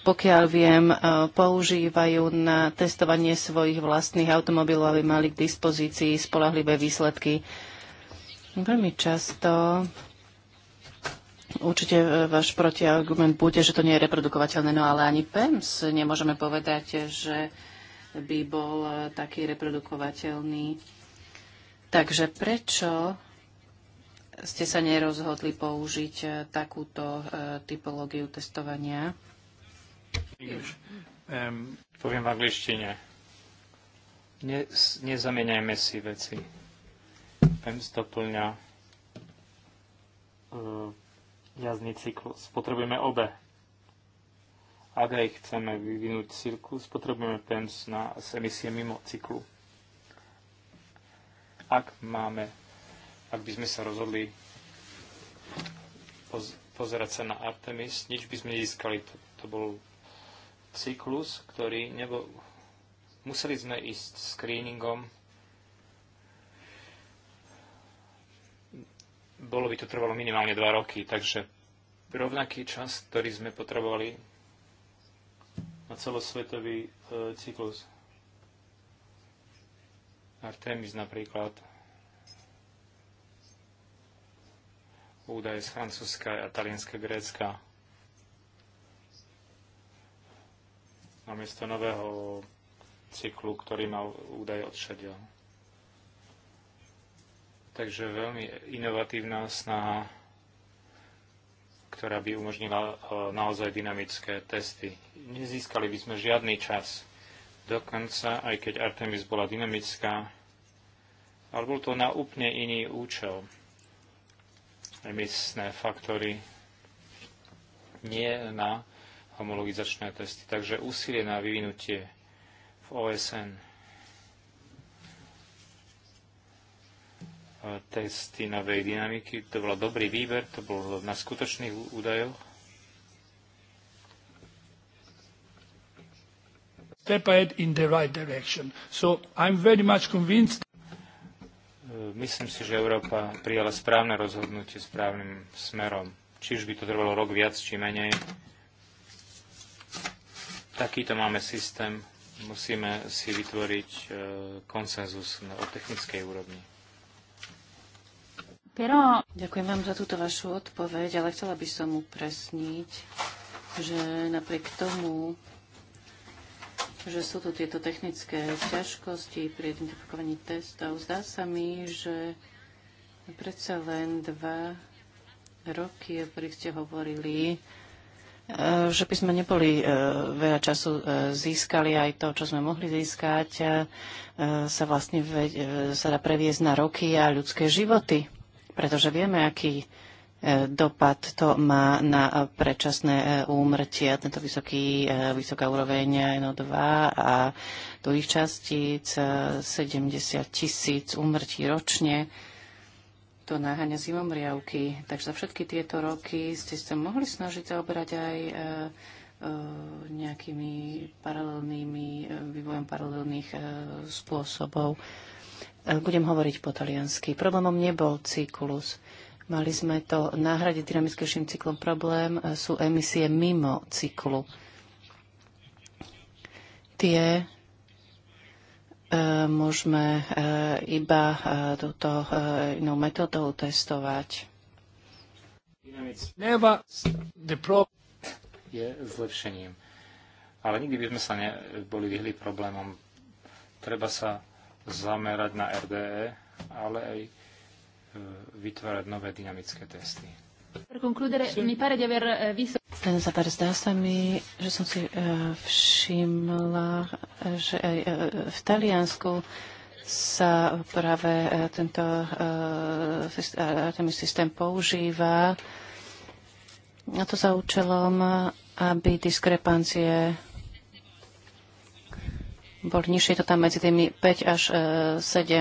pokiaľ viem, používajú na testovanie svojich vlastných automobilov, aby mali k dispozícii spolahlivé výsledky. Veľmi často Určite e, váš protiargument bude, že to nie je reprodukovateľné, no ale ani PEMS nemôžeme povedať, že by bol e, taký reprodukovateľný. Takže prečo ste sa nerozhodli použiť e, takúto typológiu testovania? Um, poviem v angličtine. Ne, nezamieňajme si veci. PEMS doplňa uh, jazdný cyklus. Potrebujeme obe. Ak aj chceme vyvinúť cyklus, potrebujeme PEMS na emisie mimo cyklu. Ak máme, ak by sme sa rozhodli poz, pozerať sa na Artemis, nič by sme nezískali. To, to bol cyklus, ktorý nebo... Museli sme ísť screeningom bolo by to trvalo minimálne 2 roky, takže rovnaký čas, ktorý sme potrebovali na celosvetový e, cyklus. Artemis napríklad. Údaje z Francúzska, Italienska, Grécka. Namiesto nového cyklu, ktorý mal údaje odšadiaľ. Takže veľmi inovatívna snaha, ktorá by umožnila e, naozaj dynamické testy. Nezískali by sme žiadny čas. Dokonca, aj keď Artemis bola dynamická, ale bol to na úplne iný účel. Emisné faktory nie na homologizačné testy. Takže úsilie na vyvinutie v OSN testy novej dynamiky. To bol dobrý výber, to bol na skutočných údajoch. Step ahead in the right direction. So I'm very much convinced e, Myslím si, že Európa prijala správne rozhodnutie správnym smerom. Či už by to trvalo rok viac, či menej. Takýto máme systém. Musíme si vytvoriť e, konsenzus o technickej úrovni. Però... Ďakujem vám za túto vašu odpoveď, ale chcela by som upresniť, že napriek tomu, že sú tu tieto technické ťažkosti pri identifikovaní testov, zdá sa mi, že predsa len dva roky, o ktorých ste hovorili, e, že by sme neboli e, veľa času e, získali aj to, čo sme mohli získať, sa vlastne sa dá previesť na roky a ľudské životy pretože vieme, aký e, dopad to má na predčasné e, úmrtia, tento vysoký, e, vysoká úroveň NO2 a ich častíc 70 tisíc úmrtí ročne. To naháňa zimomriavky. Takže za všetky tieto roky ste sa mohli snažiť zaoberať aj nejakými paralelnými, vývojom paralelných spôsobov E, budem hovoriť po taliansky. Problémom nebol cyklus. Mali sme to náhradiť dynamickejším cyklom. Problém e, sú emisie mimo cyklu. Tie e, môžeme iba túto inou metodou testovať. Neba je zlepšením. Ale nikdy by sme sa neboli vyhli problémom. Treba sa zamerať na RDE, ale aj e, vytvárať nové dynamické testy. Len e, za zdá sa mi, že som si e, všimla, že aj v Taliansku sa práve tento systém používa a to za účelom, aby diskrepancie bol nižšie, to tam medzi tými 5 až 7 e, e,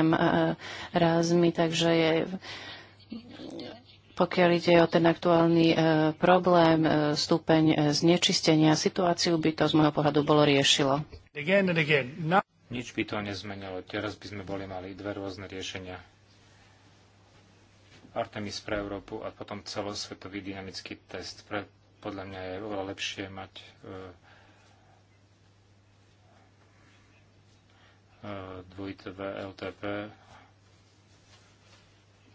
rázmi, takže je, pokiaľ ide o ten aktuálny e, problém, stupeň znečistenia, situáciu by to z môjho pohľadu bolo riešilo. No- Nič by to nezmenilo. Teraz by sme boli mali dve rôzne riešenia. Artemis pre Európu a potom celosvetový dynamický test. Pre, podľa mňa je oveľa lepšie mať dvojité VLTP.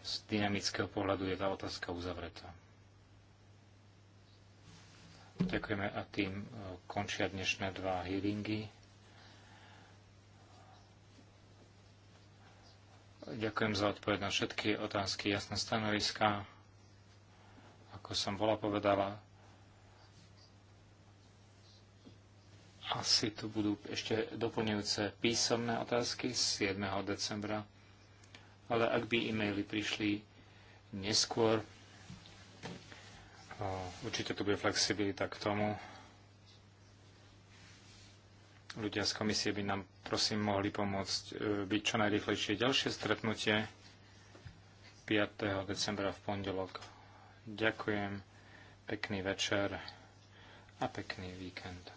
Z dynamického pohľadu je tá otázka uzavretá. Ďakujeme a tým e, končia dnešné dva hearingy. Ďakujem za odpoveď na všetky otázky, jasné stanoviská. Ako som bola povedala, Asi tu budú ešte doplňujúce písomné otázky z 7. decembra, ale ak by e-maily prišli neskôr, určite tu bude flexibilita k tomu. Ľudia z komisie by nám prosím mohli pomôcť e, byť čo najrychlejšie ďalšie stretnutie 5. decembra v pondelok. Ďakujem, pekný večer a pekný víkend.